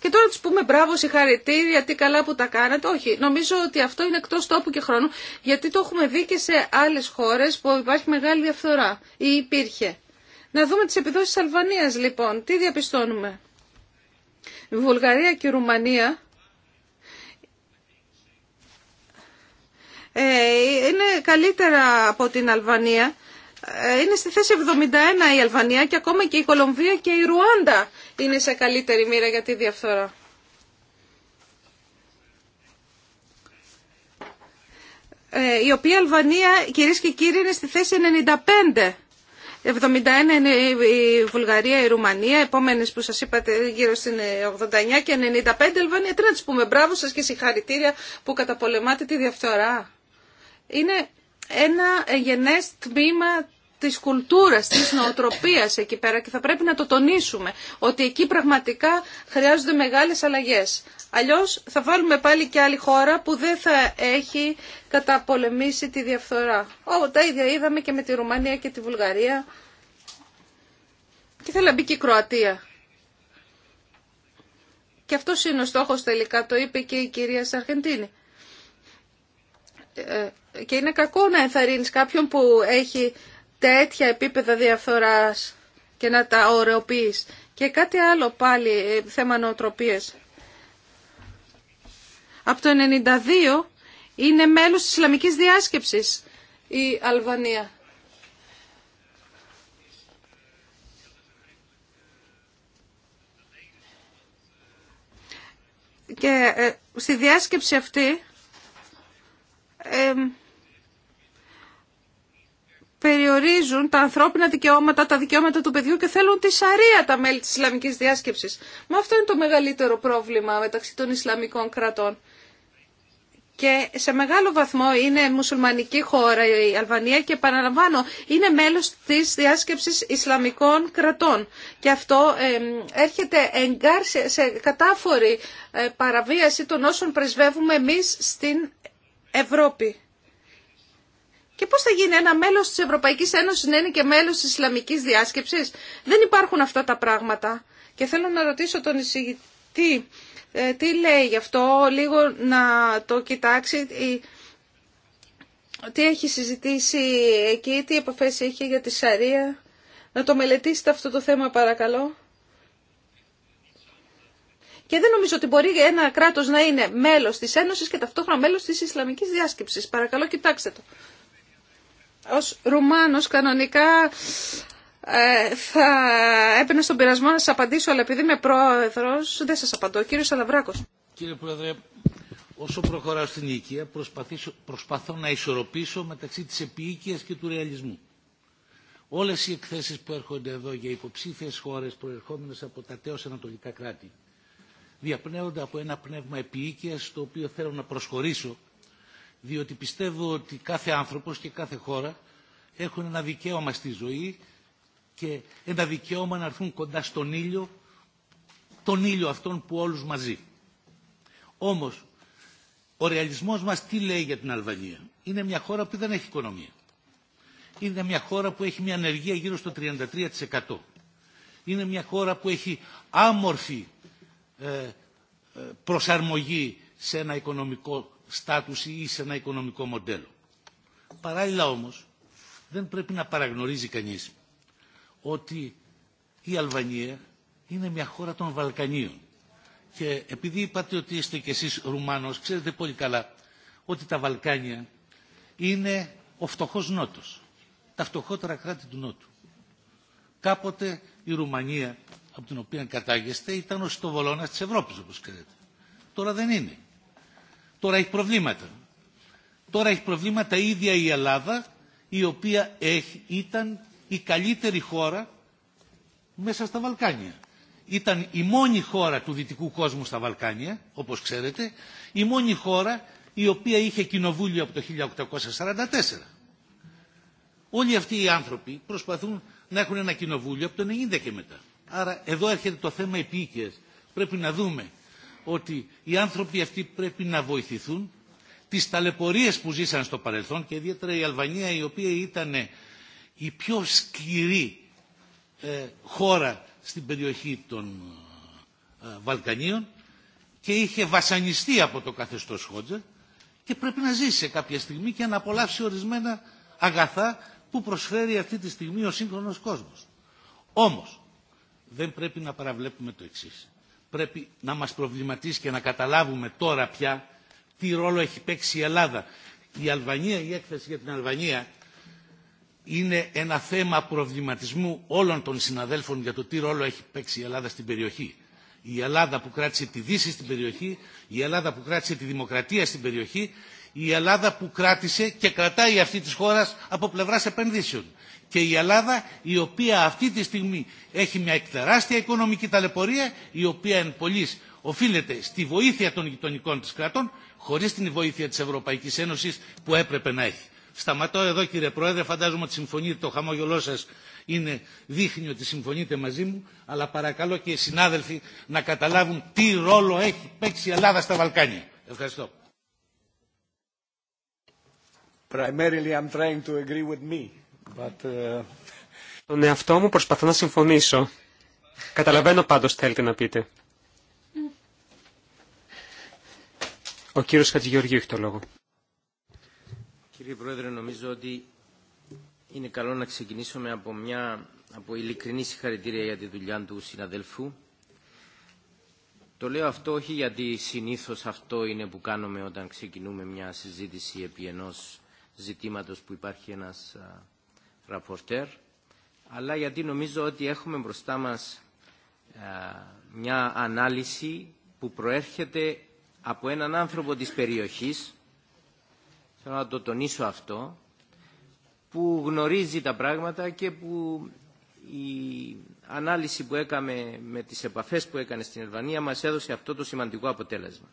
[SPEAKER 4] Και τώρα του πούμε μπράβο, συγχαρητήρια, τι καλά που τα κάνατε. Όχι, νομίζω ότι αυτό είναι εκτό τόπου και χρόνου, γιατί το έχουμε δει και σε άλλε χώρε που υπάρχει μεγάλη διαφθορά ή υπήρχε. Να δούμε τι επιδόσει τη Αλβανία λοιπόν. Τι διαπιστώνουμε. Βουλγαρία και Ρουμανία ε, είναι καλύτερα από την Αλβανία. Ε, είναι στη θέση 71 η Αλβανία και ακόμα και η Κολομβία και η Ρουάντα είναι σε καλύτερη μοίρα για τη διαφθορά. Ε, η οποία Αλβανία, κυρίες και κύριοι, είναι στη θέση 95. 71 είναι η Βουλγαρία, η Ρουμανία, επόμενες που σας είπατε γύρω στην 89 ε, και 95 Αλβανία. Τι να τη πούμε, μπράβο σα και συγχαρητήρια που καταπολεμάτε τη διαφθορά. Είναι ένα γενέ τμήμα της κουλτούρας, της νοοτροπίας εκεί πέρα και θα πρέπει να το τονίσουμε ότι εκεί πραγματικά χρειάζονται μεγάλες αλλαγές. Αλλιώς θα βάλουμε πάλι και άλλη χώρα που δεν θα έχει καταπολεμήσει τη διαφθορά. Ό, τα ίδια είδαμε και με τη Ρουμανία και τη Βουλγαρία και θα μπει και η Κροατία. Και αυτό είναι ο στόχος τελικά, το είπε και η κυρία Σαρχεντίνη. Ε, και είναι κακό να ενθαρρύνεις κάποιον που έχει τέτοια επίπεδα διαφθοράς και να τα ωρεοποιείς. Και κάτι άλλο πάλι, ε, θέμα νοοτροπίες. Από το 92 είναι μέλος της Ισλαμικής Διάσκεψης η Αλβανία. Και ε, στη διάσκεψη αυτή ε, περιορίζουν τα ανθρώπινα δικαιώματα, τα δικαιώματα του παιδιού και θέλουν τη σαρία τα μέλη της Ισλαμικής διάσκεψης. Μα αυτό είναι το μεγαλύτερο πρόβλημα μεταξύ των Ισλαμικών κρατών. Και σε μεγάλο βαθμό είναι μουσουλμανική χώρα η Αλβανία και επαναλαμβάνω είναι μέλος της διάσκεψης Ισλαμικών κρατών. Και αυτό ε, έρχεται σε, κατάφορη ε, παραβίαση των όσων πρεσβεύουμε εμείς στην Ευρώπη. Και πώς θα γίνει ένα μέλος της Ευρωπαϊκής Ένωσης να είναι και μέλος της Ισλαμικής Διάσκεψης. Δεν υπάρχουν αυτά τα πράγματα. Και θέλω να ρωτήσω τον εισηγητή ε, τι λέει γι' αυτό, λίγο να το κοιτάξει, τι έχει συζητήσει εκεί, τι επαφές έχει για τη Σαρία. Να το μελετήσετε αυτό το θέμα παρακαλώ. Και δεν νομίζω ότι μπορεί ένα κράτος να είναι μέλος της Ένωσης και ταυτόχρονα μέλος της Ισλαμικής Διάσκεψης. Παρακαλώ κοιτάξτε το ως Ρουμάνος κανονικά ε, θα έπαιρνα στον πειρασμό να σας απαντήσω, αλλά επειδή είμαι πρόεδρος, δεν σας απαντώ. Κύριος Αλαβράκος.
[SPEAKER 3] Κύριε Πρόεδρε, όσο προχωράω στην οικία, προσπαθώ να ισορροπήσω μεταξύ της επίοικιας και του ρεαλισμού. Όλες οι εκθέσεις που έρχονται εδώ για υποψήφιες χώρες προερχόμενες από τα τέως ανατολικά κράτη διαπνέονται από ένα πνεύμα επίοικιας, το οποίο θέλω να προσχωρήσω διότι πιστεύω ότι κάθε άνθρωπος και κάθε χώρα έχουν ένα δικαίωμα στη ζωή και ένα δικαίωμα να έρθουν κοντά στον ήλιο, τον ήλιο αυτόν που όλους μαζί. Όμως, ο ρεαλισμός μας τι λέει για την Αλβανία. Είναι μια χώρα που δεν έχει οικονομία. Είναι μια χώρα που έχει μια ανεργία γύρω στο 33%. Είναι μια χώρα που έχει άμορφη ε, ε, προσαρμογή σε ένα οικονομικό στάτους ή σε ένα οικονομικό μοντέλο. Παράλληλα όμως δεν πρέπει να παραγνωρίζει κανείς ότι η Αλβανία είναι μια χώρα των Βαλκανίων. Και επειδή είπατε ότι είστε κι εσείς Ρουμάνος, ξέρετε πολύ καλά ότι τα Βαλκάνια είναι ο φτωχός νότος. Τα φτωχότερα κράτη του νότου. Κάποτε η Ρουμανία, από την οποία κατάγεστε, ήταν ο στοβολώνας της Ευρώπης, όπως ξέρετε. Τώρα δεν είναι. Τώρα έχει προβλήματα. Τώρα έχει προβλήματα η ίδια η Ελλάδα, η οποία έχει, ήταν η καλύτερη χώρα μέσα στα Βαλκάνια. Ήταν η μόνη χώρα του δυτικού κόσμου στα Βαλκάνια, όπως ξέρετε, η μόνη χώρα η οποία είχε κοινοβούλιο από το 1844. Όλοι αυτοί οι άνθρωποι προσπαθούν να έχουν ένα κοινοβούλιο από το 90 και μετά. Άρα εδώ έρχεται το θέμα επίοικειας. Πρέπει να δούμε ότι οι άνθρωποι αυτοί πρέπει να βοηθηθούν τις ταλαιπωρίες που ζήσαν στο παρελθόν και ιδιαίτερα η Αλβανία η οποία ήταν η πιο σκληρή ε, χώρα στην περιοχή των ε, Βαλκανίων και είχε βασανιστεί από το καθεστώς Χότζερ και πρέπει να ζήσει σε κάποια στιγμή και να απολαύσει ορισμένα αγαθά που προσφέρει αυτή τη στιγμή ο σύγχρονος κόσμος. Όμως δεν πρέπει να παραβλέπουμε το εξής πρέπει να μας προβληματίσει και να καταλάβουμε τώρα πια τι ρόλο έχει παίξει η Ελλάδα. Η Αλβανία, η έκθεση για την Αλβανία είναι ένα θέμα προβληματισμού όλων των συναδέλφων για το τι ρόλο έχει παίξει η Ελλάδα στην περιοχή. Η Ελλάδα που κράτησε τη Δύση στην περιοχή, η Ελλάδα που κράτησε τη Δημοκρατία στην περιοχή, η Ελλάδα που κράτησε και κρατάει αυτή τη χώρα από πλευράς επενδύσεων. Και η Ελλάδα η οποία αυτή τη στιγμή έχει μια εκτεράστια οικονομική ταλαιπωρία η οποία εν πολλής οφείλεται στη βοήθεια των γειτονικών της κρατών χωρίς την βοήθεια της Ευρωπαϊκής Ένωσης που έπρεπε να έχει. Σταματώ εδώ κύριε Πρόεδρε, φαντάζομαι ότι συμφωνείτε, το χαμόγελό σας είναι, δείχνει ότι συμφωνείτε μαζί μου, αλλά παρακαλώ και οι συνάδελφοι να καταλάβουν τι ρόλο έχει παίξει η Ελλάδα στα Βαλκάνια. Ευχαριστώ.
[SPEAKER 1] Uh,
[SPEAKER 2] Τον εαυτό μου προσπαθώ να συμφωνήσω. Καταλαβαίνω πάντως θέλετε να πείτε. Ο κύριος Χατζηγεωργίου έχει το λόγο.
[SPEAKER 5] Κύριε Πρόεδρε, νομίζω ότι είναι καλό να ξεκινήσουμε από μια από ειλικρινή συγχαρητήρια για τη δουλειά του συναδελφού. Το λέω αυτό όχι γιατί συνήθως αυτό είναι που κάνουμε όταν ξεκινούμε μια συζήτηση επί ενός ζητήματος που υπάρχει ένας ραπορτέρ, αλλά γιατί νομίζω ότι έχουμε μπροστά μας μια ανάλυση που προέρχεται από έναν άνθρωπο της περιοχής, θέλω να το τονίσω αυτό, που γνωρίζει τα πράγματα και που η ανάλυση που έκαμε με τις επαφές που έκανε στην Ελβανία μας έδωσε αυτό το σημαντικό αποτέλεσμα.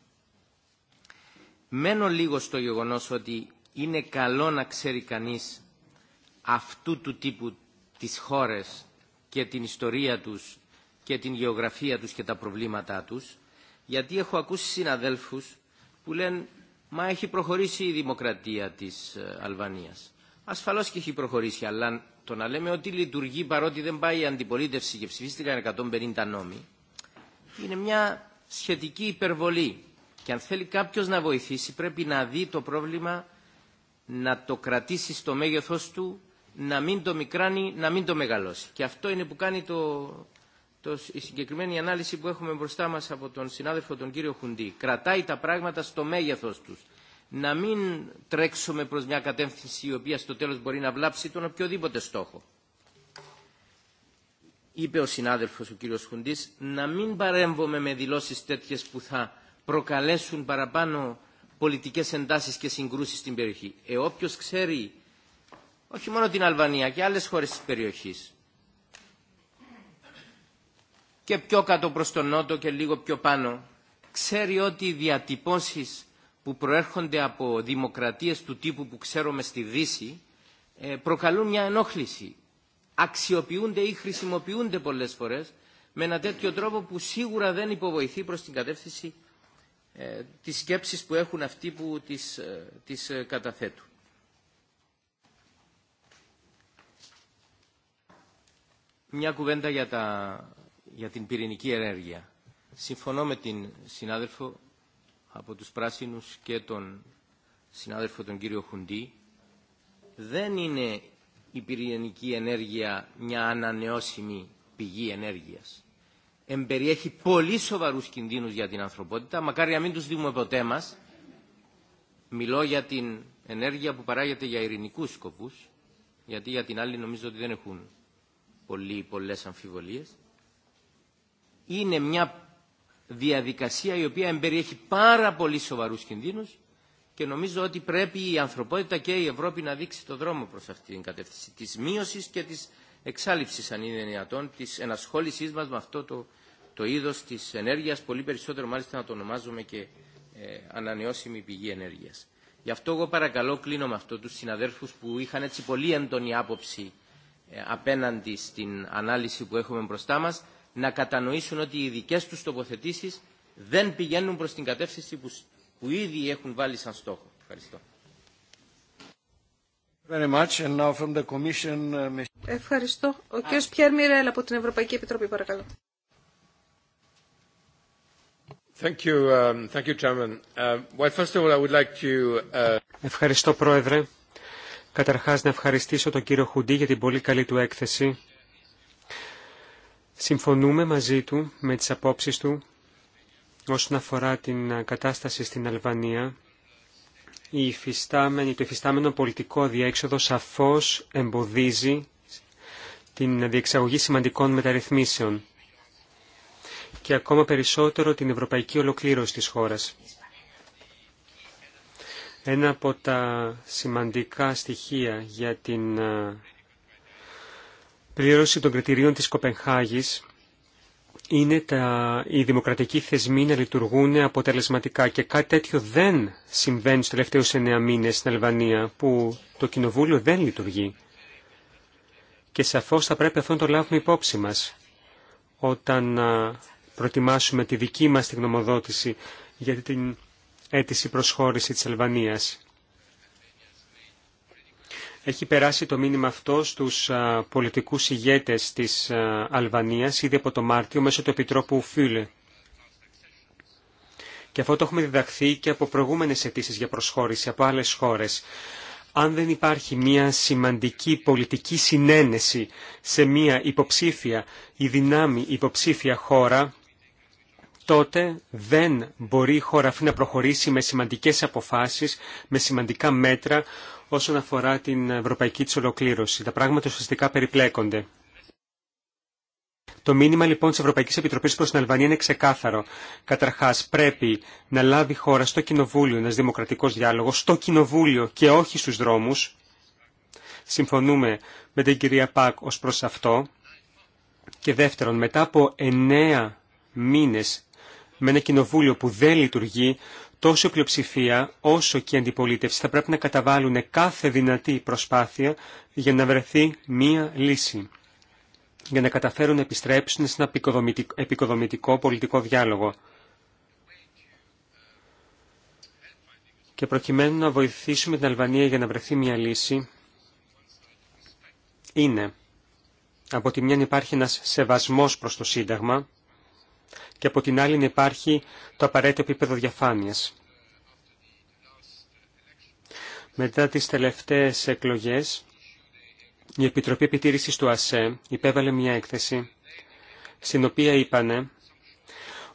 [SPEAKER 5] Μένω λίγο στο γεγονός ότι είναι καλό να ξέρει κανείς αυτού του τύπου τις χώρες και την ιστορία τους και την γεωγραφία τους και τα προβλήματά τους, γιατί έχω ακούσει συναδέλφους που λένε «Μα έχει προχωρήσει η δημοκρατία της ε, Αλβανίας». Ασφαλώς και έχει προχωρήσει, αλλά το να λέμε ότι λειτουργεί παρότι δεν πάει η αντιπολίτευση και ψηφίστηκαν 150 νόμοι, είναι μια σχετική υπερβολή. Και αν θέλει κάποιος να βοηθήσει πρέπει να δει το πρόβλημα να το κρατήσει στο μέγεθός του, να μην το μικράνει, να μην το μεγαλώσει. Και αυτό είναι που κάνει το, το, η συγκεκριμένη ανάλυση που έχουμε μπροστά μας από τον συνάδελφο τον κύριο Χουντή. Κρατάει τα πράγματα στο μέγεθος τους. Να μην τρέξουμε προς μια κατεύθυνση η οποία στο τέλος μπορεί να βλάψει τον οποιοδήποτε στόχο. Είπε ο συνάδελφος ο κύριος Χουντής να μην παρέμβομαι με δηλώσεις τέτοιες που θα προκαλέσουν παραπάνω πολιτικές εντάσεις και συγκρούσεις στην περιοχή. Ε, όποιος ξέρει όχι μόνο την Αλβανία και άλλες χώρες της περιοχής και πιο κάτω προς τον νότο και λίγο πιο πάνω ξέρει ότι οι διατυπώσεις που προέρχονται από δημοκρατίες του τύπου που ξέρουμε στη Δύση ε, προκαλούν μια ενόχληση. Αξιοποιούνται ή χρησιμοποιούνται πολλές φορές με ένα τέτοιο τρόπο που σίγουρα δεν υποβοηθεί προς την κατεύθυνση ε, τις σκέψεις που έχουν αυτοί που τις, ε, ε, καταθέτουν. Μια κουβέντα για, για την πυρηνική ενέργεια. Συμφωνώ με την συνάδελφο από τους Πράσινους και τον συνάδελφο τον κύριο Χουντή. Δεν είναι η πυρηνική ενέργεια μια ανανεώσιμη πηγή ενέργειας εμπεριέχει πολύ σοβαρούς κινδύνους για την ανθρωπότητα, μακάρι να μην τους δούμε ποτέ μας. Μιλώ για την ενέργεια που παράγεται για ειρηνικούς σκοπούς, γιατί για την άλλη νομίζω ότι δεν έχουν πολύ πολλές αμφιβολίες. Είναι μια διαδικασία η οποία εμπεριέχει πάρα πολύ σοβαρούς κινδύνους και νομίζω ότι πρέπει η ανθρωπότητα και η Ευρώπη να δείξει το δρόμο προς αυτή την κατεύθυνση της μείωσης και της εξάλληψης, αν είναι δυνατόν, της ενασχόλησής μας με αυτό το, το είδος της ενέργειας, πολύ περισσότερο μάλιστα να το ονομάζουμε και ε, ανανεώσιμη πηγή ενέργειας. Γι' αυτό εγώ παρακαλώ κλείνω με αυτό τους συναδέρφους που είχαν έτσι πολύ έντονη άποψη ε, απέναντι στην ανάλυση που έχουμε μπροστά μας, να κατανοήσουν ότι οι δικές τους τοποθετήσεις δεν πηγαίνουν προς την κατεύθυνση που ήδη έχουν βάλει σαν στόχο. Ευχαριστώ.
[SPEAKER 1] Uh,
[SPEAKER 4] Ευχαριστώ. Ο κ. Πιέρ Μιρέλ από την Ευρωπαϊκή Επιτροπή, παρακαλώ.
[SPEAKER 2] Ευχαριστώ, Πρόεδρε. Καταρχάς, να ευχαριστήσω τον κύριο Χουντή για την πολύ καλή του έκθεση. Συμφωνούμε μαζί του με τις απόψεις του όσον αφορά την κατάσταση στην Αλβανία υφιστάμενη, το υφιστάμενο πολιτικό διέξοδο σαφώς εμποδίζει την διεξαγωγή σημαντικών μεταρρυθμίσεων και ακόμα περισσότερο την ευρωπαϊκή ολοκλήρωση της χώρας. Ένα από τα σημαντικά στοιχεία για την ε, πλήρωση των κριτηρίων της Κοπενχάγης είναι τα, οι δημοκρατικοί θεσμοί να λειτουργούν αποτελεσματικά και κάτι τέτοιο δεν συμβαίνει στους τελευταίους εννέα μήνες στην Αλβανία που το κοινοβούλιο δεν λειτουργεί. Και σαφώς θα πρέπει αυτό να το λάβουμε υπόψη μας όταν προτιμάσουμε τη δική μας τη γνωμοδότηση για την αίτηση προσχώρηση της Αλβανίας. Έχει περάσει το μήνυμα αυτό στους πολιτικούς ηγέτες της Αλβανίας ήδη από το Μάρτιο μέσω του Επιτρόπου Φίλε. Και αυτό το έχουμε διδαχθεί και από προηγούμενες αιτήσει για προσχώρηση από άλλες χώρες. Αν δεν υπάρχει μια σημαντική πολιτική συνένεση σε μια υποψήφια ή δυνάμει υποψήφια χώρα, τότε δεν μπορεί η δυναμη υποψηφια χωρα τοτε δεν αυτή να προχωρήσει με σημαντικές αποφάσεις, με σημαντικά μέτρα, όσον αφορά την ευρωπαϊκή της ολοκλήρωση. Τα πράγματα ουσιαστικά περιπλέκονται. Το μήνυμα λοιπόν τη Ευρωπαϊκή Επιτροπή προ την Αλβανία είναι ξεκάθαρο. Καταρχά, πρέπει να λάβει χώρα στο Κοινοβούλιο ένας δημοκρατικός διάλογος, στο Κοινοβούλιο και όχι στους δρόμους. Συμφωνούμε με την κυρία Πακ ως προ αυτό. Και δεύτερον, μετά από εννέα μήνε με ένα κοινοβούλιο που δεν λειτουργεί, τόσο πλειοψηφία όσο και η αντιπολίτευση θα πρέπει να καταβάλουν κάθε δυνατή προσπάθεια για να βρεθεί μία λύση για να καταφέρουν να επιστρέψουν σε ένα επικοδομητικό πολιτικό διάλογο. Και προκειμένου να βοηθήσουμε την Αλβανία για να βρεθεί μια λύση, είναι από τη μια υπάρχει ένας σεβασμός προς το Σύνταγμα, και από την άλλη να υπάρχει το απαραίτητο επίπεδο διαφάνειας. Μετά τις τελευταίες εκλογές, η Επιτροπή Επιτήρησης του ΑΣΕ υπέβαλε μια έκθεση, στην οποία είπανε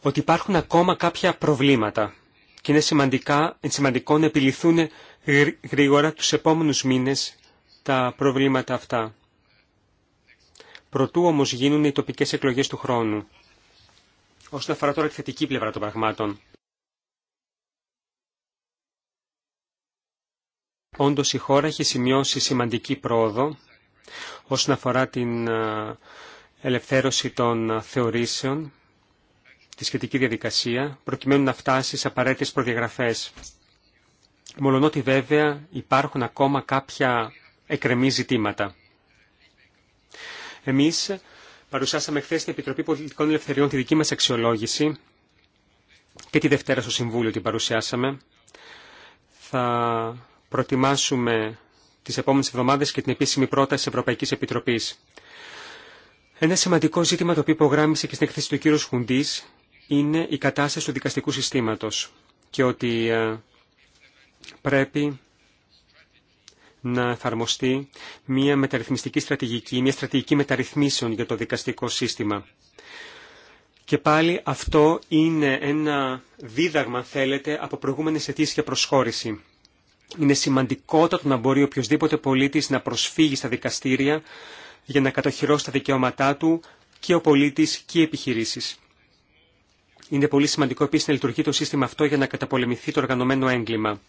[SPEAKER 2] ότι υπάρχουν ακόμα κάποια προβλήματα και είναι σημαντικά, σημαντικό να επιληθούν γρήγορα τους επόμενους μήνες τα προβλήματα αυτά. Προτού όμως γίνουν οι τοπικές εκλογές του χρόνου. Όσον αφορά τώρα τη θετική πλευρά των πραγμάτων. Όντω η χώρα έχει σημειώσει σημαντική πρόοδο όσον αφορά την ε, ελευθέρωση των θεωρήσεων, τη σχετική διαδικασία, προκειμένου να φτάσει σε απαραίτητες προδιαγραφές. Μολονότι βέβαια υπάρχουν ακόμα κάποια εκρεμή ζητήματα. Εμείς Παρουσιάσαμε χθε στην Επιτροπή Πολιτικών Ελευθεριών τη δική μα αξιολόγηση και τη Δευτέρα στο Συμβούλιο την παρουσιάσαμε. Θα προτιμάσουμε τι επόμενε εβδομάδε και την επίσημη πρόταση τη Ευρωπαϊκή Επιτροπή. Ένα σημαντικό ζήτημα το οποίο υπογράμμισε και στην εκθέση του κύριο Χουντή είναι η κατάσταση του δικαστικού συστήματο και ότι ε, πρέπει να εφαρμοστεί μια μεταρρυθμιστική στρατηγική, μια στρατηγική μεταρρυθμίσεων για το δικαστικό σύστημα. Και πάλι αυτό είναι ένα δίδαγμα, θέλετε, από προηγούμενες αιτήσεις για προσχώρηση. Είναι σημαντικότατο να μπορεί οποιοδήποτε πολίτης να προσφύγει στα δικαστήρια για να κατοχυρώσει τα δικαιώματά του και ο πολίτης και οι επιχειρήσεις. Είναι πολύ σημαντικό επίσης να λειτουργεί το σύστημα αυτό για να καταπολεμηθεί το οργανωμένο έγκλημα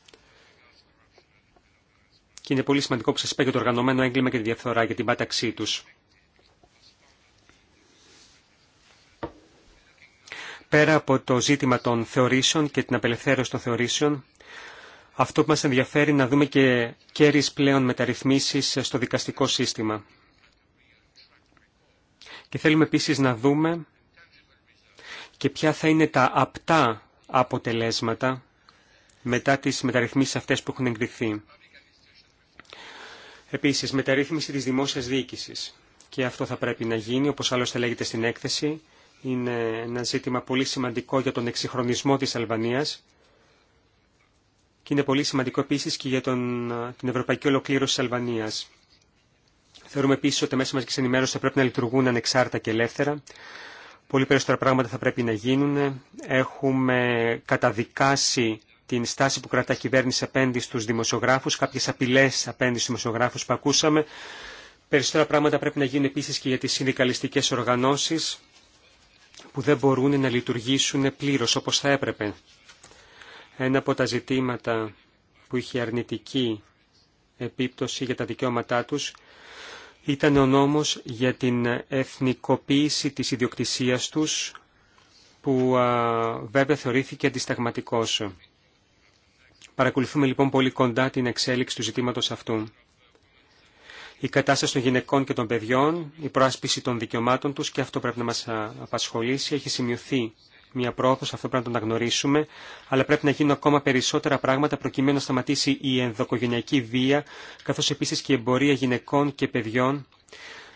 [SPEAKER 2] και είναι πολύ σημαντικό που σας είπα για το οργανωμένο έγκλημα και τη διαφθορά για την πάταξή τους. Πέρα από το ζήτημα των θεωρήσεων και την απελευθέρωση των θεωρήσεων, αυτό που μας ενδιαφέρει να δούμε και κέρις πλέον μεταρρυθμίσεις στο δικαστικό σύστημα. Και θέλουμε επίσης να δούμε και ποια θα είναι τα απτά αποτελέσματα μετά τις μεταρρυθμίσεις αυτές που έχουν εγκριθεί. Επίσης, μεταρρύθμιση της δημόσιας διοίκησης. Και αυτό θα πρέπει να γίνει, όπως άλλωστε λέγεται στην έκθεση. Είναι ένα ζήτημα πολύ σημαντικό για τον εξυγχρονισμό της Αλβανίας και είναι πολύ σημαντικό επίσης και για τον, την ευρωπαϊκή ολοκλήρωση της Αλβανίας. Θεωρούμε επίσης ότι μέσα μας και ενημέρωση θα πρέπει να λειτουργούν ανεξάρτητα και ελεύθερα. Πολύ περισσότερα πράγματα θα πρέπει να γίνουν. Έχουμε καταδικάσει την στάση που κρατά κυβέρνηση απέντη στους δημοσιογράφους, κάποιες απειλές απέναντι στους δημοσιογράφους που ακούσαμε. Περισσότερα πράγματα πρέπει να γίνουν επίσης και για τις συνδικαλιστικές οργανώσεις που δεν μπορούν να λειτουργήσουν πλήρως όπως θα έπρεπε. Ένα από τα ζητήματα που είχε αρνητική επίπτωση για τα δικαιώματά τους ήταν ο νόμος για την εθνικοποίηση της ιδιοκτησίας τους που βέβαια θεωρήθηκε αντισταγματικός. Παρακολουθούμε λοιπόν πολύ κοντά την εξέλιξη του ζητήματος αυτού. Η κατάσταση των γυναικών και των παιδιών, η προάσπιση των δικαιωμάτων τους και αυτό πρέπει να μας απασχολήσει. Έχει σημειωθεί μια πρόοδος, αυτό πρέπει να το αναγνωρίσουμε, αλλά πρέπει να γίνουν ακόμα περισσότερα πράγματα προκειμένου να σταματήσει η ενδοκογενειακή βία, καθώς επίσης και η εμπορία γυναικών και παιδιών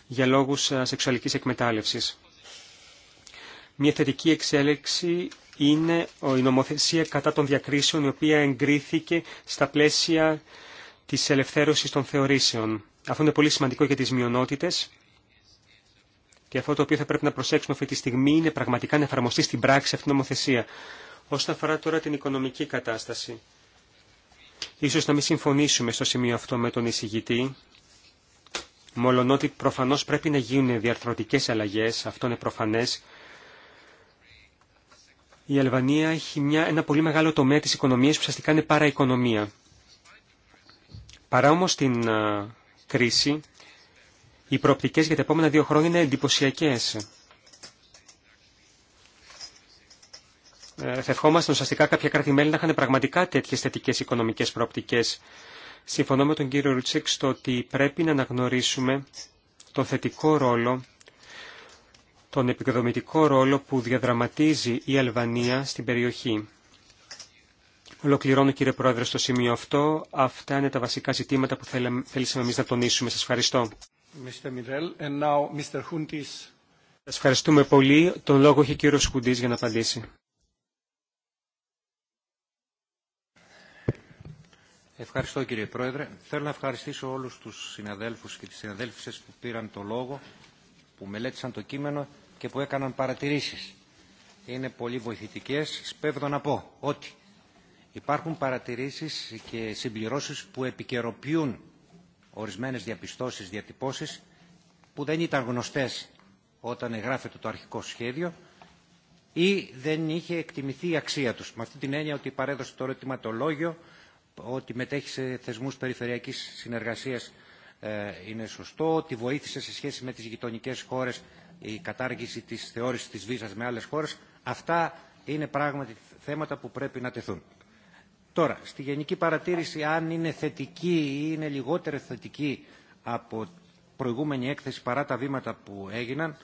[SPEAKER 2] για λόγους σεξουαλικής εκμετάλλευσης. Μια θετική εξέλιξη είναι η νομοθεσία κατά των διακρίσεων η οποία εγκρίθηκε στα πλαίσια της ελευθέρωσης των θεωρήσεων. Αυτό είναι πολύ σημαντικό για τις μειονότητες και αυτό το οποίο θα πρέπει να προσέξουμε αυτή τη στιγμή είναι πραγματικά να εφαρμοστεί στην πράξη αυτή η νομοθεσία. Όσον αφορά τώρα την οικονομική κατάσταση, ίσως να μην συμφωνήσουμε στο σημείο αυτό με τον εισηγητή, μόλον ότι προφανώς πρέπει να γίνουν διαρθρωτικές αλλαγές, αυτό είναι προφανές, η Αλβανία έχει μια, ένα πολύ μεγάλο τομέα της οικονομίας που σαστικά είναι παραοικονομία. Παρά όμως την κρίση, οι προοπτικές για τα επόμενα δύο χρόνια είναι εντυπωσιακέ. Ε, θα Θευχόμαστε ουσιαστικα ουσιαστικά κάποια κράτη-μέλη να είχαν πραγματικά τέτοιες θετικές οικονομικές προοπτικές. Συμφωνώ με τον κύριο Ρουτσέκ στο ότι πρέπει να αναγνωρίσουμε τον θετικό ρόλο τον επικοδομητικό ρόλο που διαδραματίζει η Αλβανία στην περιοχή. Ολοκληρώνω κύριε Πρόεδρε στο σημείο αυτό. Αυτά είναι τα βασικά ζητήματα που θέλησαμε εμείς να τονίσουμε. Σας ευχαριστώ.
[SPEAKER 1] Σα Σας
[SPEAKER 2] ευχαριστούμε πολύ. Τον λόγο έχει ο κύριος Χουντής για να απαντήσει.
[SPEAKER 1] Ευχαριστώ κύριε Πρόεδρε. Θέλω να ευχαριστήσω όλους τους συναδέλφους και τις συναδέλφισες που πήραν το λόγο, που μελέτησαν το κείμενο και που έκαναν παρατηρήσεις. Είναι πολύ βοηθητικές. Σπέβδω να πω ότι υπάρχουν παρατηρήσεις και συμπληρώσεις που επικαιροποιούν ορισμένες διαπιστώσεις, διατυπώσεις που δεν ήταν γνωστές όταν εγγράφεται το αρχικό σχέδιο ή δεν είχε εκτιμηθεί η αξία τους. Με αυτή την έννοια ότι παρέδωσε το ερωτηματολόγιο ότι μετέχει σε θεσμούς περιφερειακής συνεργασίας ε, είναι σωστό, ότι βοήθησε σε σχέση με τις γειτονικές χώρες η κατάργηση της θεώρησης της βίζας με άλλες χώρες. Αυτά είναι πράγματι θέματα που πρέπει να τεθούν. Τώρα, στη γενική παρατήρηση αν είναι θετική ή είναι λιγότερο θετική από προηγούμενη έκθεση παρά τα βήματα που έγιναν,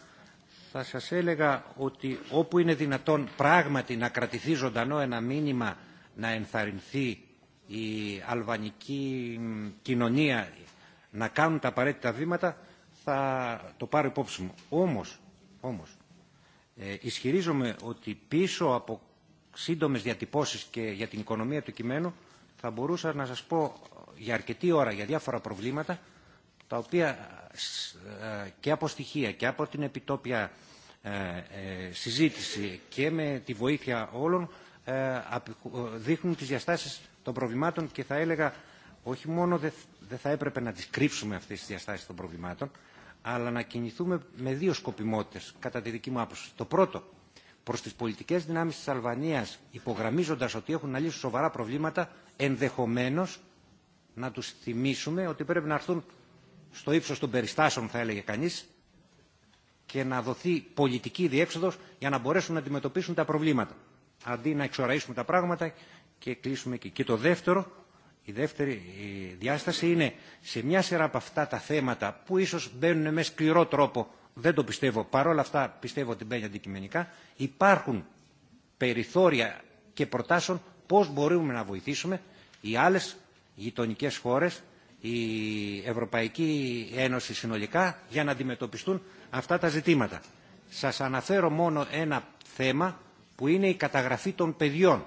[SPEAKER 1] θα σας έλεγα ότι όπου είναι δυνατόν πράγματι να κρατηθεί ζωντανό ένα μήνυμα να ενθαρρυνθεί η αλβανική κοινωνία να κάνουν τα απαραίτητα βήματα, θα το πάρω υπόψη μου. Όμως, όμως ε, ισχυρίζομαι ότι πίσω από σύντομες διατυπώσεις και για την οικονομία του κειμένου θα μπορούσα να σας πω ε, για αρκετή ώρα για διάφορα προβλήματα τα οποία ε, και από στοιχεία και από την επιτόπια συζήτηση και με τη βοήθεια όλων δείχνουν τις διαστάσεις των προβλημάτων και θα έλεγα όχι μόνο δεν δε θα έπρεπε να τις κρύψουμε αυτές τις διαστάσεις των προβλημάτων αλλά να κινηθούμε με δύο σκοπιμότητες, κατά τη δική μου άποψη. Το πρώτο, προς τις πολιτικές δυνάμεις της Αλβανίας, υπογραμμίζοντας ότι έχουν να λύσουν σοβαρά προβλήματα, ενδεχομένως να τους θυμίσουμε ότι πρέπει να έρθουν στο ύψος των περιστάσεων, θα έλεγε κανείς, και να δοθεί πολιτική διέξοδος για να μπορέσουν να αντιμετωπίσουν τα προβλήματα. Αντί να εξοραίσουμε τα πράγματα και κλείσουμε εκεί. Και το δεύτερο, η δεύτερη διάσταση είναι σε μια σειρά από αυτά τα θέματα που ίσως μπαίνουν με σκληρό τρόπο, δεν το πιστεύω, παρόλα αυτά πιστεύω ότι μπαίνει αντικειμενικά, υπάρχουν περιθώρια και προτάσεων πώς μπορούμε να βοηθήσουμε οι άλλες γειτονικές χώρες, η Ευρωπαϊκή Ένωση συνολικά, για να αντιμετωπιστούν αυτά τα ζητήματα. Σας αναφέρω μόνο ένα θέμα που είναι η καταγραφή των παιδιών.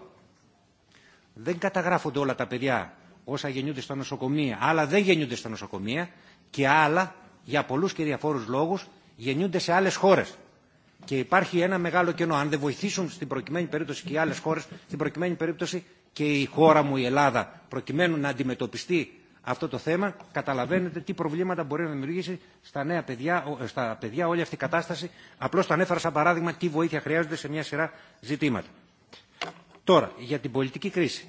[SPEAKER 1] Δεν καταγράφονται όλα τα παιδιά όσα γεννιούνται στα νοσοκομεία, άλλα δεν γεννιούνται στα νοσοκομεία και άλλα για πολλού και διαφόρου λόγου γεννιούνται σε άλλε χώρε. Και υπάρχει ένα μεγάλο κενό. Αν δεν βοηθήσουν στην προκειμένη περίπτωση και οι άλλε χώρε, στην προκειμένη περίπτωση και η χώρα μου, η Ελλάδα, προκειμένου να αντιμετωπιστεί αυτό το θέμα, καταλαβαίνετε τι προβλήματα μπορεί να δημιουργήσει στα νέα παιδιά, ε, στα παιδιά όλη αυτή η κατάσταση. Απλώ το ανέφερα σαν παράδειγμα τι βοήθεια χρειάζονται σε μια σειρά ζητήματα. Τώρα, για την πολιτική κρίση.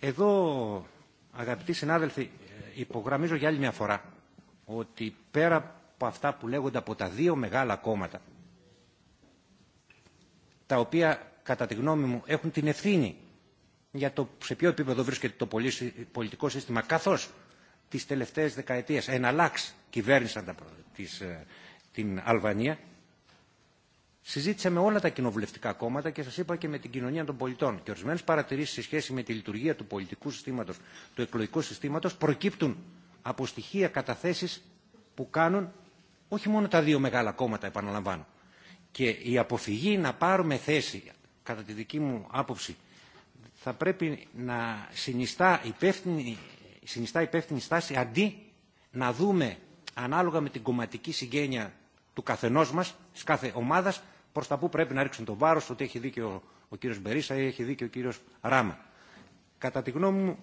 [SPEAKER 1] Εδώ, αγαπητοί συνάδελφοι, υπογραμμίζω για άλλη μια φορά ότι πέρα από αυτά που λέγονται από τα δύο μεγάλα κόμματα, τα οποία κατά τη γνώμη μου έχουν την ευθύνη για το σε ποιο επίπεδο βρίσκεται το πολιτικό σύστημα, καθώς τις τελευταίες δεκαετίες εναλλάξ κυβέρνησαν ε, την Αλβανία, συζήτησα με όλα τα κοινοβουλευτικά κόμματα και σα είπα και με την κοινωνία των πολιτών. Και ορισμένε παρατηρήσει σε σχέση με τη λειτουργία του πολιτικού συστήματο, του εκλογικού συστήματο, προκύπτουν από στοιχεία καταθέσει που κάνουν όχι μόνο τα δύο μεγάλα κόμματα, επαναλαμβάνω. Και η αποφυγή να πάρουμε θέση, κατά τη δική μου άποψη, θα πρέπει να συνιστά υπεύθυνη, συνιστά υπεύθυνη στάση αντί να δούμε ανάλογα με την κομματική συγγένεια του καθενός μας, της κάθε ομάδας, προ τα που πρέπει να ρίξουν το βάρο, ότι έχει δίκιο ο κύριο Μπερίσα ή έχει δίκιο ο κύριο Ράμα. Κατά τη γνώμη μου,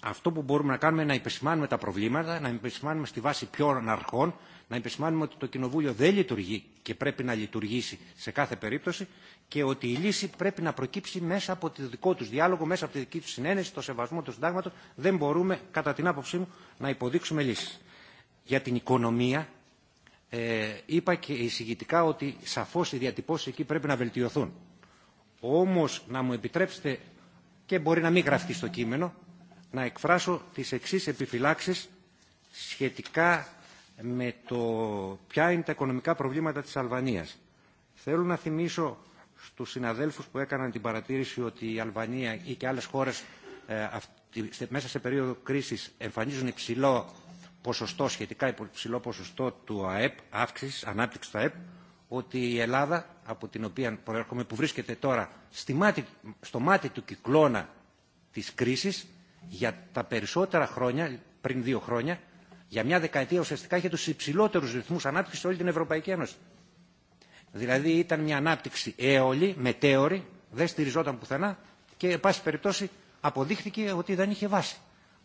[SPEAKER 1] αυτό που μπορούμε να κάνουμε είναι να επισημάνουμε τα προβλήματα, να επισημάνουμε στη βάση ποιων αρχών, να επισημάνουμε ότι το Κοινοβούλιο δεν λειτουργεί και πρέπει να λειτουργήσει σε κάθε περίπτωση και ότι η λύση πρέπει να προκύψει μέσα από το δικό του διάλογο, μέσα από τη δική ειναι να επισημανουμε τα προβληματα να υπεσημανουμε στη βαση ποιων αρχων να υπεσημανουμε οτι το σεβασμό του συντάγματο. Δεν μπορούμε, κατά την άποψή μου, να υποδείξουμε λύσει. Για την οικονομία, ε, είπα και εισηγητικά ότι σαφώς οι διατυπώσεις εκεί πρέπει να βελτιωθούν. Όμως να μου επιτρέψετε και μπορεί να μην γραφτεί στο κείμενο να εκφράσω τις εξής επιφυλάξεις σχετικά με το ποια είναι τα οικονομικά προβλήματα της Αλβανίας. Θέλω να θυμίσω στους συναδέλφους που έκαναν την παρατήρηση ότι η Αλβανία ή και άλλες χώρες ε, μέσα σε περίοδο κρίσης εμφανίζουν υψηλό ποσοστό, σχετικά υψηλό ποσοστό του ΑΕΠ, αύξηση, ανάπτυξη του ΑΕΠ, ότι η Ελλάδα, από την οποία προέρχομαι, που βρίσκεται τώρα στη μάτι, στο μάτι του κυκλώνα της κρίσης, για τα περισσότερα χρόνια, πριν δύο χρόνια, για μια δεκαετία ουσιαστικά είχε τους υψηλότερους ρυθμούς ανάπτυξης σε όλη την Ευρωπαϊκή Ένωση. Δηλαδή ήταν μια ανάπτυξη έολη, μετέωρη, δεν στηριζόταν πουθενά και, εν πάση περιπτώσει, αποδείχθηκε ότι δεν είχε βάση.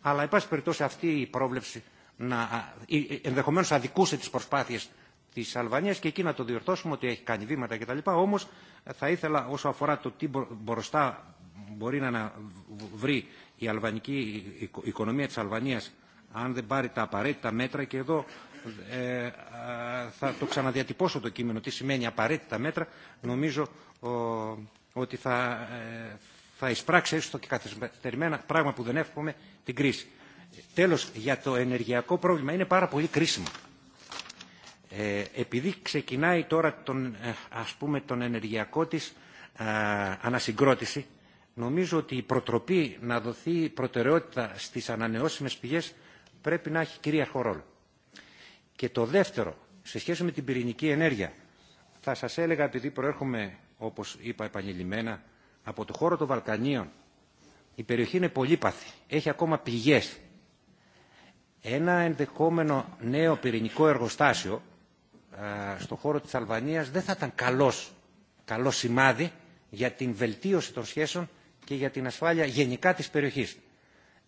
[SPEAKER 1] Αλλά, εν πάση περιπτώσει, αυτή η πρόβλεψη να, ε, ε, ενδεχομένως αδικούσε τις προσπάθειες της Αλβανίας και εκεί να το διορθώσουμε ότι έχει κάνει βήματα κτλ. Όμως ε, θα ήθελα όσο αφορά το τι μπροστά μπορεί να βρει η αλβανική οικονομία της Αλβανίας αν δεν πάρει τα απαραίτητα μέτρα και εδώ θα το ξαναδιατυπώσω το κείμενο τι σημαίνει απαραίτητα μέτρα νομίζω ότι θα, θα εισπράξει έστω και καθυστερημένα πράγμα που δεν εύχομαι την κρίση. Τέλος, για το ενεργειακό πρόβλημα είναι πάρα πολύ κρίσιμο. Ε, επειδή ξεκινάει τώρα τον, ε, ας πούμε, τον ενεργειακό της ε, ανασυγκρότηση, νομίζω ότι η προτροπή να δοθεί προτεραιότητα στις ανανεώσιμες πηγές πρέπει να έχει κυρίαρχο ρόλο. Και το δεύτερο, σε σχέση με την πυρηνική ενέργεια, θα σας έλεγα, επειδή προέρχομαι, όπως είπα επανειλημμένα, από το χώρο των Βαλκανίων, η περιοχή είναι πολύπαθη, έχει ακόμα πηγές ένα ενδεχόμενο νέο πυρηνικό εργοστάσιο στον χώρο της Αλβανίας δεν θα ήταν καλός, καλό σημάδι για την βελτίωση των σχέσεων και για την ασφάλεια γενικά της περιοχής.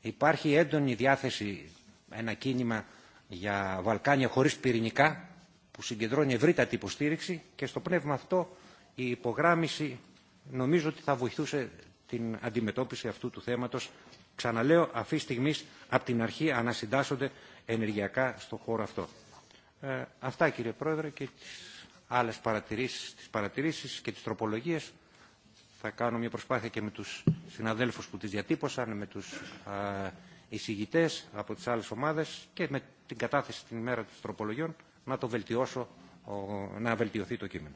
[SPEAKER 1] Υπάρχει έντονη διάθεση, ένα κίνημα για Βαλκάνια χωρίς πυρηνικά που συγκεντρώνει ευρύτατη υποστήριξη και στο πνεύμα αυτό η υπογράμμιση νομίζω ότι θα βοηθούσε την αντιμετώπιση αυτού του θέματος Ξαναλέω, αυτή τη στιγμή από την αρχή ανασυντάσσονται ενεργειακά στον χώρο αυτό. Ε, αυτά κύριε Πρόεδρε και τις άλλες παρατηρήσεις, τις παρατηρήσεις και τις τροπολογίες θα κάνω μια προσπάθεια και με τους συναδέλφους που τις διατύπωσαν, με τους α, εισηγητές από τις άλλες ομάδες και με την κατάθεση την ημέρα των τροπολογιών να το βελτιώσω, να βελτιωθεί το κείμενο.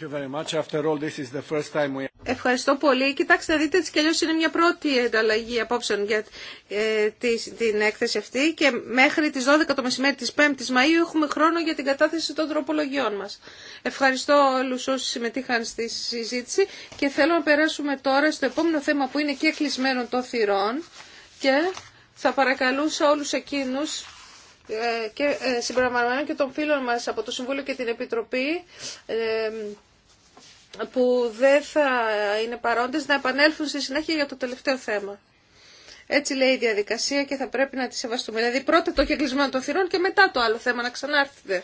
[SPEAKER 5] Thank you much. After all, this is the first time
[SPEAKER 4] Ευχαριστώ πολύ. Κοιτάξτε, δείτε, έτσι κι αλλιώς είναι μια πρώτη ανταλλαγή απόψεων για ε, την έκθεση αυτή και μέχρι τις 12 το μεσημέρι της 5ης Μαΐου έχουμε χρόνο για την κατάθεση των τροπολογιών μας. Ευχαριστώ όλους όσοι συμμετείχαν στη συζήτηση και θέλω να περάσουμε τώρα στο επόμενο θέμα που είναι και κλεισμένο των θυρών και θα παρακαλούσα όλους εκείνους ε, και ε, και των φίλων μας από το Συμβούλιο και την Επιτροπή ε, που δεν θα είναι παρόντες να επανέλθουν στη συνέχεια για το τελευταίο θέμα. Έτσι λέει η διαδικασία και θα πρέπει να τη σεβαστούμε. Δηλαδή πρώτα το κεκλεισμένο των θυρών και μετά το άλλο θέμα να ξανάρθετε.